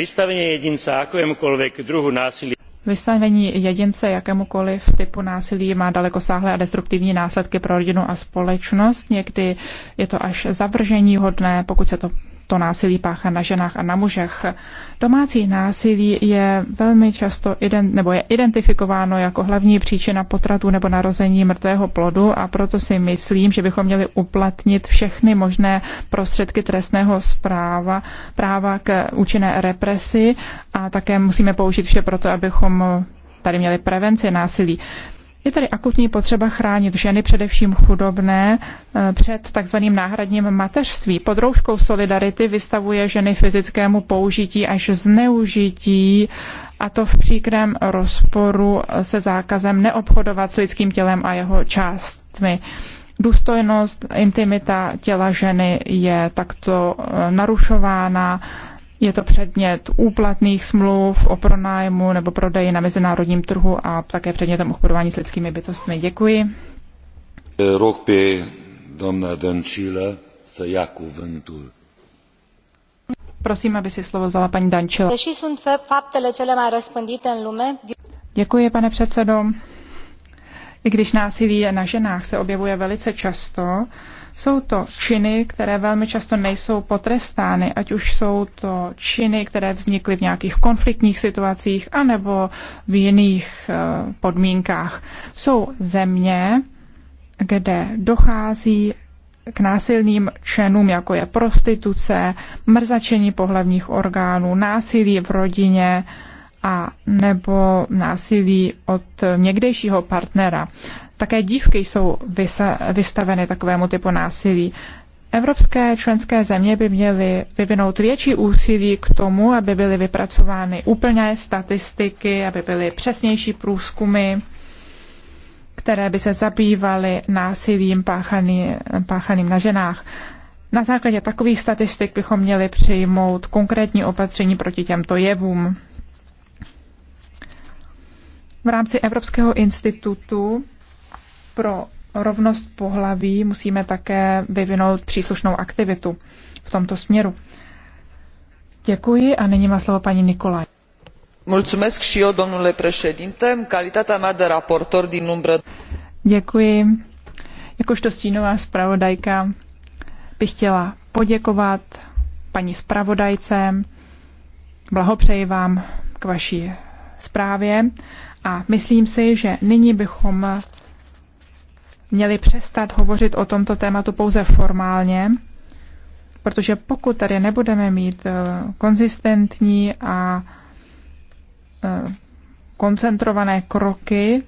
Vystavenie jedinca akémukoľvek druhu násilí. Vystavení jedince jakémukoliv typu násilí má dalekosáhlé a destruktivní následky pro rodinu a společnost. Někdy je to až zavržení hodné, pokud se to to násilí páchá na ženách a na mužech. Domácí násilí je velmi často ident, nebo je identifikováno jako hlavní příčina potratu nebo narození mrtvého plodu a proto si myslím, že bychom měli uplatnit všechny možné prostředky trestného zpráva, práva k účinné represi a také musíme použít vše proto, abychom tady měli prevenci násilí. Je tady akutní potřeba chránit ženy, především chudobné, eh, před takzvaným náhradním mateřství. Pod rouškou solidarity vystavuje ženy fyzickému použití až zneužití a to v příkrém rozporu se zákazem neobchodovat s lidským tělem a jeho částmi. Důstojnost, intimita těla ženy je takto eh, narušována je to předmět úplatných smluv o pronájmu nebo prodeji na mezinárodním trhu a také předmětem obchodování s lidskými bytostmi. Děkuji. Rok pe doamna Dăncilă să ia cuvântul. Prosím, aby si slovo vzala paní Dančila. Děkuji, pane předsedo. I když násilí na ženách se objevuje velice často, jsou to činy, které velmi často nejsou potrestány, ať už jsou to činy, které vznikly v nějakých konfliktních situacích anebo v jiných eh, podmínkách. Jsou země, kde dochází k násilným činům, jako je prostituce, mrzačení pohlavních orgánů, násilí v rodině, a nebo násilí od někdejšího partnera. Také dívky jsou vystaveny takovému typu násilí. Evropské členské země by měly vyvinout větší úsilí k tomu, aby byly vypracovány úplné statistiky, aby byly přesnější průzkumy, které by se zabývaly násilím páchaný, páchaným na ženách. Na základě takových statistik bychom měli přijmout konkrétní opatření proti těmto jevům v rámci Evropského institutu pro rovnost pohlaví musíme také vyvinout příslušnou aktivitu v tomto směru. Děkuji a nyní má slovo paní Nikolaj. Mulțumesc și eu, domnule președinte, în calitatea mea de raportor din umbră. Děkuji. Jakožto stínová zpravodajka bych chtěla poděkovat paní zpravodajce, blahopřeji vám k vaší zprávě a myslím si, že nyní bychom měli přestat hovořit o tomto tématu pouze formálně, protože pokud tady nebudeme mít eh, konzistentní a eh, koncentrované kroky,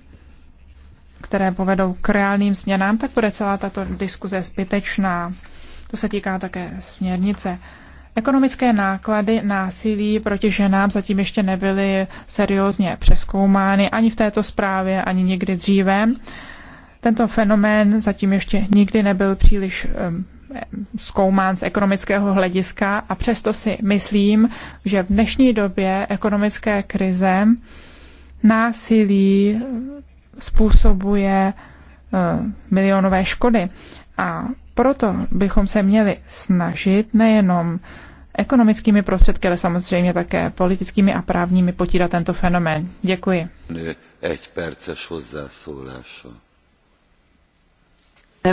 které povedou k reálným změnám, tak bude celá tato diskuze zbytečná. To se týká také směrnice. Ekonomické náklady násilí proti ženám zatím ještě nebyly seriózně přeskoumány ani v této zprávě, ani nikdy dříve. Tento fenomén zatím ještě nikdy nebyl příliš zkoumán z ekonomického hlediska a přesto si myslím, že v dnešní době ekonomické krize násilí způsobuje eh, milionové škody. A proto bychom se měli snažit nejenom ekonomickými prostředky, ale samozřejmě také politickými a právními potírat tento fenomén. Děkuji. Egy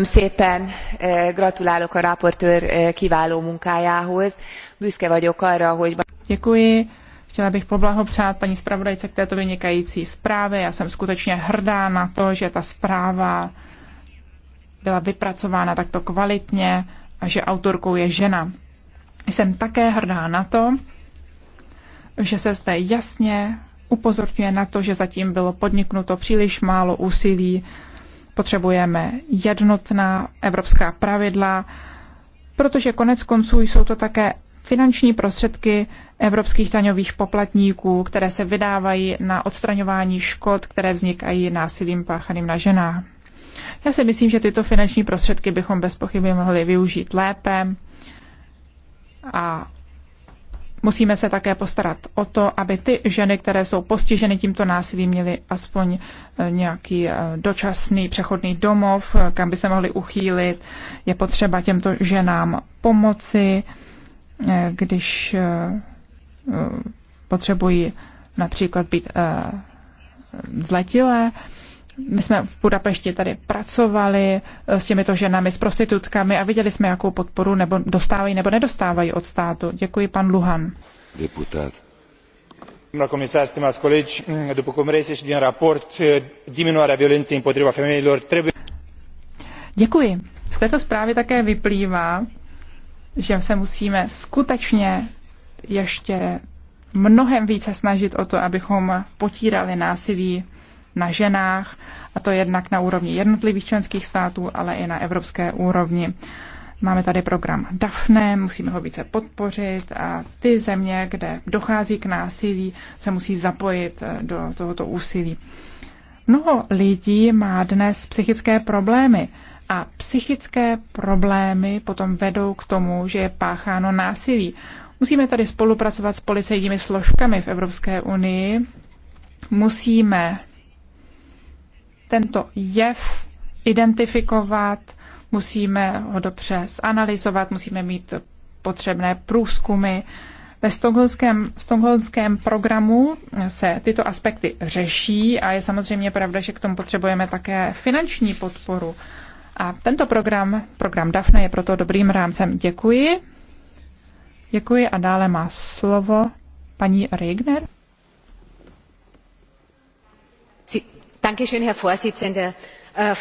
szépen, e, gratulálok a raportőr e, kiváló munkájához. Büszke vagyok arra, hogy... Děkuji. Chtěla bych poblahopřát paní zpravodajce k této vynikající zprávě. Já jsem skutečně hrdá na to, že ta zpráva byla vypracována takto kvalitně a že autorkou je žena. Jsem také hrdá na to, že se zde jasně upozorňuje na to, že zatím bylo podniknuto příliš málo úsilí. Potřebujeme jednotná evropská pravidla, protože konec konců jsou to také finanční prostředky evropských daňových poplatníků, které se vydávají na odstraňování škod, které vznikají násilím páchaným na ženách. Já si myslím, že tyto finanční prostředky bychom bez pochyby mohli využít lépe a musíme se také postarat o to, aby ty ženy, které jsou postiženy tímto násilím, měly aspoň eh, nějaký eh, dočasný přechodný domov, kam by se mohly uchýlit. Je potřeba těmto ženám pomoci, eh, když potřebují například být zletilé. My jsme v Budapešti tady pracovali eh, s těmito ženami, s prostitutkami a viděli jsme, jakou podporu nebo dostávají nebo nedostávají od státu. Děkuji, pan Luhan. Deputát. Doamna comisar, stimați colegi, mm, după cum reiese și din raport, eh, diminuarea violenței împotriva femeilor trebuie... Děkuji. Z této zprávy také vyplývá, že se musíme skutečně ještě mnohem více snažit o to, abychom potírali násilí na ženách, a to jednak na úrovni jednotlivých členských států, ale i na evropské úrovni. Máme tady program DAFNE, musíme ho více podpořit a ty země, kde dochází k násilí, se musí zapojit eh, do tohoto úsilí. Mnoho lidí má dnes psychické problémy a psychické problémy potom vedou k tomu, že je pácháno násilí. Musíme tady spolupracovat s policejními složkami v Evropské unii, musíme tento jev identifikovat, musíme ho dobře zanalizovat, musíme mít potřebné průzkumy. Ve stokholmském, stokholmském programu se tyto aspekty řeší a je samozřejmě pravda, že k tomu potřebujeme také finanční podporu. A tento program, program DAFNE, je proto dobrým rámcem. Děkuji. Děkuji a dále má slovo paní Regner. Äh,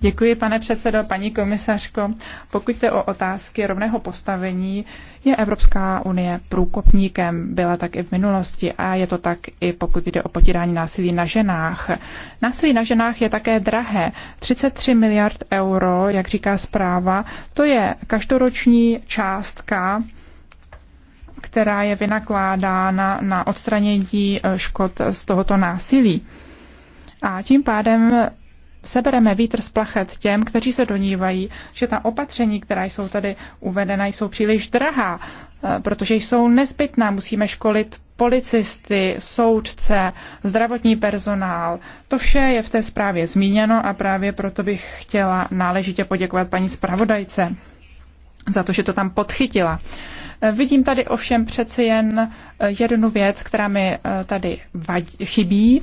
Děkuji, pane předsedající paní komisařko. Pokud jde o otázky rovného postavení, je Evropská unie průkopníkem, byla tak i v minulosti a je to tak i pokud jde o potírání násilí na ženách. Násilí na ženách je také drahé. 33 miliard euro, jak říká zpráva, to je každoroční částka, která je vynakládána na odstranění eh, škod z tohoto násilí. A tím pádem sebereme vítr z plachet těm, kteří se donívají, že ta opatření, která jsou tady uvedena, jsou příliš drahá, eh, protože jsou nezbytná. Musíme školit policisty, soudce, zdravotní personál. To vše je v té zprávě zmíněno a právě proto bych chtěla náležitě poděkovat paní zpravodajce za to, že to tam podchytila. Eh, vidím tady ovšem přeci jen eh, jednu věc, která mi tady vadí, chybí,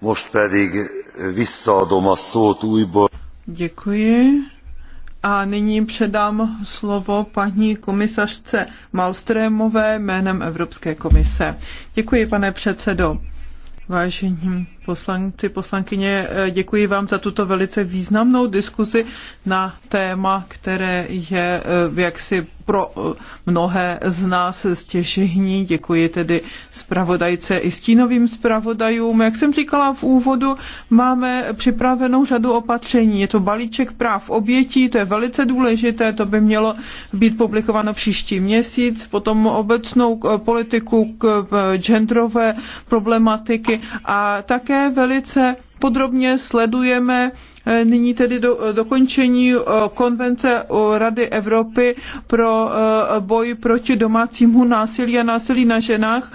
Most pedig visszaadom a szót újból. Děkuji. A nyní předám slovo paní komisařce Malstrémové jménem Evropské komise. Děkuji, pane předsedo. Vážení poslanci, poslankyně, eh, děkuji vám za tuto velice významnou diskuzi na téma, které je eh, jaksi pro eh, mnohé z nás stěžení. Děkuji tedy zpravodajce i stínovým zpravodajům. Jak jsem říkala v úvodu, máme připravenou řadu opatření. Je to balíček práv obětí, to je velice důležité, to by mělo být publikováno příští měsíc, potom obecnou politiku k genderové problematiky a také také velice podrobně sledujeme eh, nyní tedy do, eh, dokončení eh, konvence o Rady Evropy pro boj proti domácímu násilí a násilí na ženách.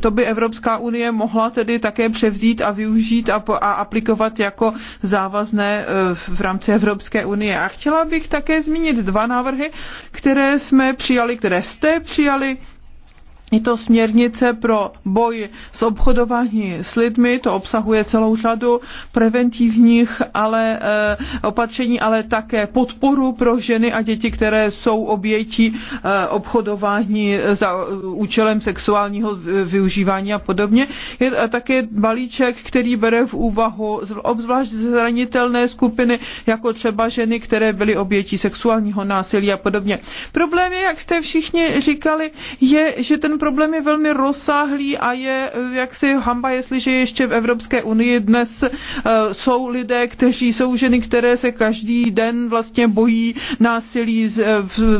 To by Evropská unie mohla tedy také převzít a využít a, a aplikovat jako závazné v rámci Evropské unie. A chtěla bych také zmínit dva návrhy, které jsme přijali, které jste přijali je to směrnice pro boj s obchodování s lidmi, to obsahuje celou řadu preventivních ale, eh, opatření, ale také podporu pro ženy a děti, které jsou obětí eh, obchodování za účelem sexuálního využívání a podobně. Je eh, také balíček, který bere v úvahu obzvlášť zranitelné skupiny, jako třeba ženy, které byly obětí sexuálního násilí a podobně. Problém je, jak jste všichni říkali, je, že ten problém je velmi rozsáhlý a je eh, jaksi hamba, jestliže ještě v Evropské unii dnes eh, jsou lidé, kteří jsou ženy, které se každý den vlastně bojí násilí z, eh,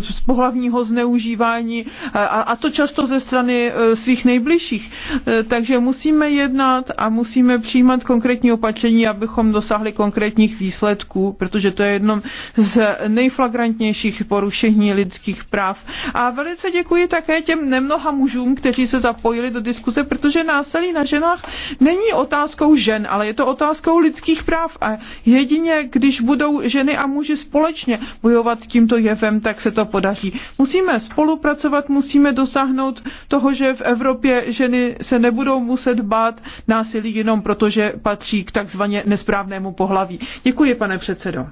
z pohlavního zneužívání a, a to často ze strany svých nejbližších. Takže musíme jednat a musíme přijímat konkrétní opatření, abychom dosáhli konkrétních výsledků, protože to je jedno z nejflagrantnějších porušení lidských práv. A velice děkuji také těm nemnoha mužům, mužům, kteří se zapojili do diskuse, protože násilí na ženách není otázkou žen, ale je to otázkou lidských práv a jedině, když budou ženy a muži společně bojovat s tímto jevem, tak se to podaří. Musíme spolupracovat, musíme dosáhnout toho, že v Evropě ženy se nebudou muset bát násilí jenom proto, že patří k takzvaně nesprávnému pohlaví. Děkuji, pane předsedo.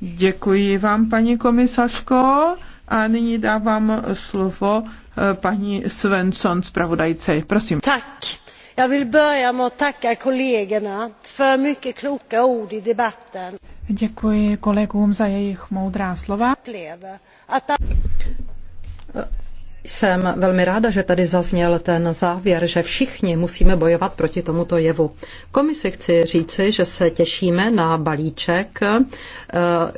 Děkuji vám, paní komisařko. A nyní dávám slovo paní Svensson, zpravodajce. Prosím. Tak. Jag vill börja med att tacka kollegorna för mycket kloka ord i debatten. Děkuji kolegům za jejich moudrá slova. Jsem velmi ráda, že tady zazněl ten závěr, že všichni musíme bojovat proti tomuto jevu. Komisi chci říci, že se těšíme na balíček eh,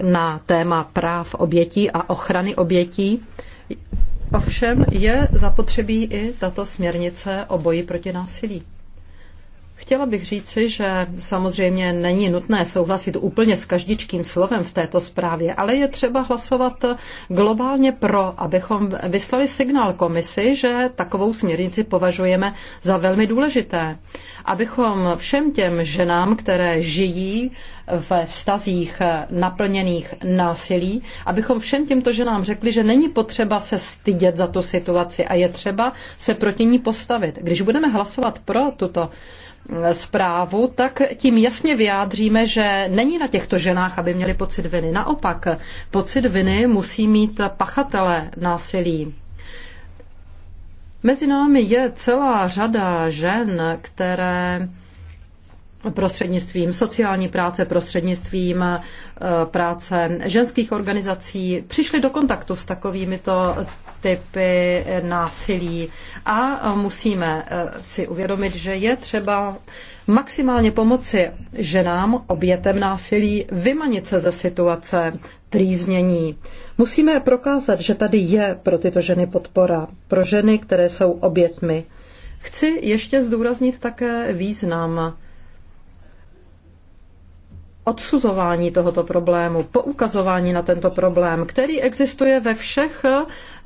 na téma práv obětí a ochrany obětí Ovšem je zapotřebí i tato směrnice o boji proti násilí. Chtěla bych říci, že samozřejmě není nutné souhlasit úplně s každičkým slovem v této zprávě, ale je třeba hlasovat globálně pro, abychom vyslali signál komisi, že takovou směrnici považujeme za velmi důležité. Abychom všem těm ženám, které žijí ve vztazích naplněných násilí, abychom všem těmto ženám řekli, že není potřeba se stydět za tu situaci a je třeba se proti ní postavit. Když budeme hlasovat pro tuto zprávu, tak tím jasně vyjádříme, že není na těchto ženách, aby měli pocit viny. Naopak, pocit viny musí mít pachatele násilí. Mezi námi je celá řada žen, které prostřednictvím sociální práce, prostřednictvím eh, práce ženských organizací přišly do kontaktu s takovýmito typy násilí a musíme eh, si uvědomit, že je třeba maximálně pomoci ženám obětem násilí vymanit se ze situace trýznění. Musíme prokázat, že tady je pro tyto ženy podpora, pro ženy, které jsou obětmi. Chci ještě zdůraznit také význam odsuzování tohoto problému, poukazování na tento problém, který existuje ve všech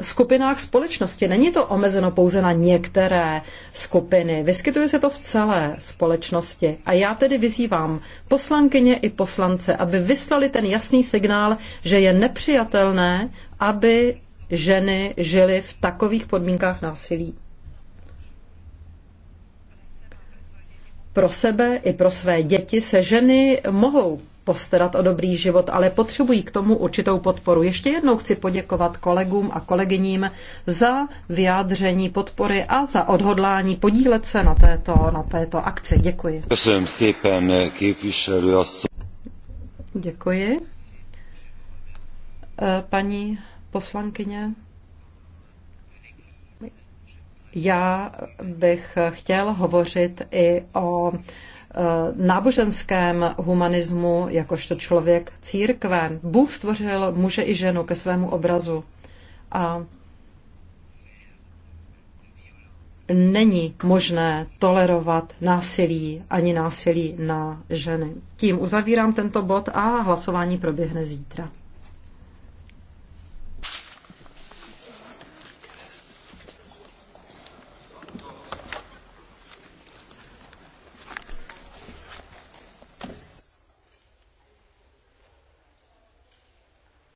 skupinách společnosti. Není to omezeno pouze na některé skupiny, vyskytuje se to v celé společnosti. A já tedy vyzývám poslankyně i poslance, aby vyslali ten jasný signál, že je nepřijatelné, aby ženy žily v takových podmínkách násilí. pro sebe i pro své děti se ženy mohou postarat o dobrý život, ale potřebují k tomu určitou podporu. Ještě jednou chci poděkovat kolegům a kolegyním za vyjádření podpory a za odhodlání podílet se na této, na této akci. Děkuji. Děkuji. E, paní poslankyně já bych chtěl hovořit i o e, náboženském humanismu, jakožto člověk církve. Bůh stvořil muže i ženu ke svému obrazu. A není možné tolerovat násilí ani násilí na ženy. Tím uzavírám tento bod a hlasování proběhne zítra.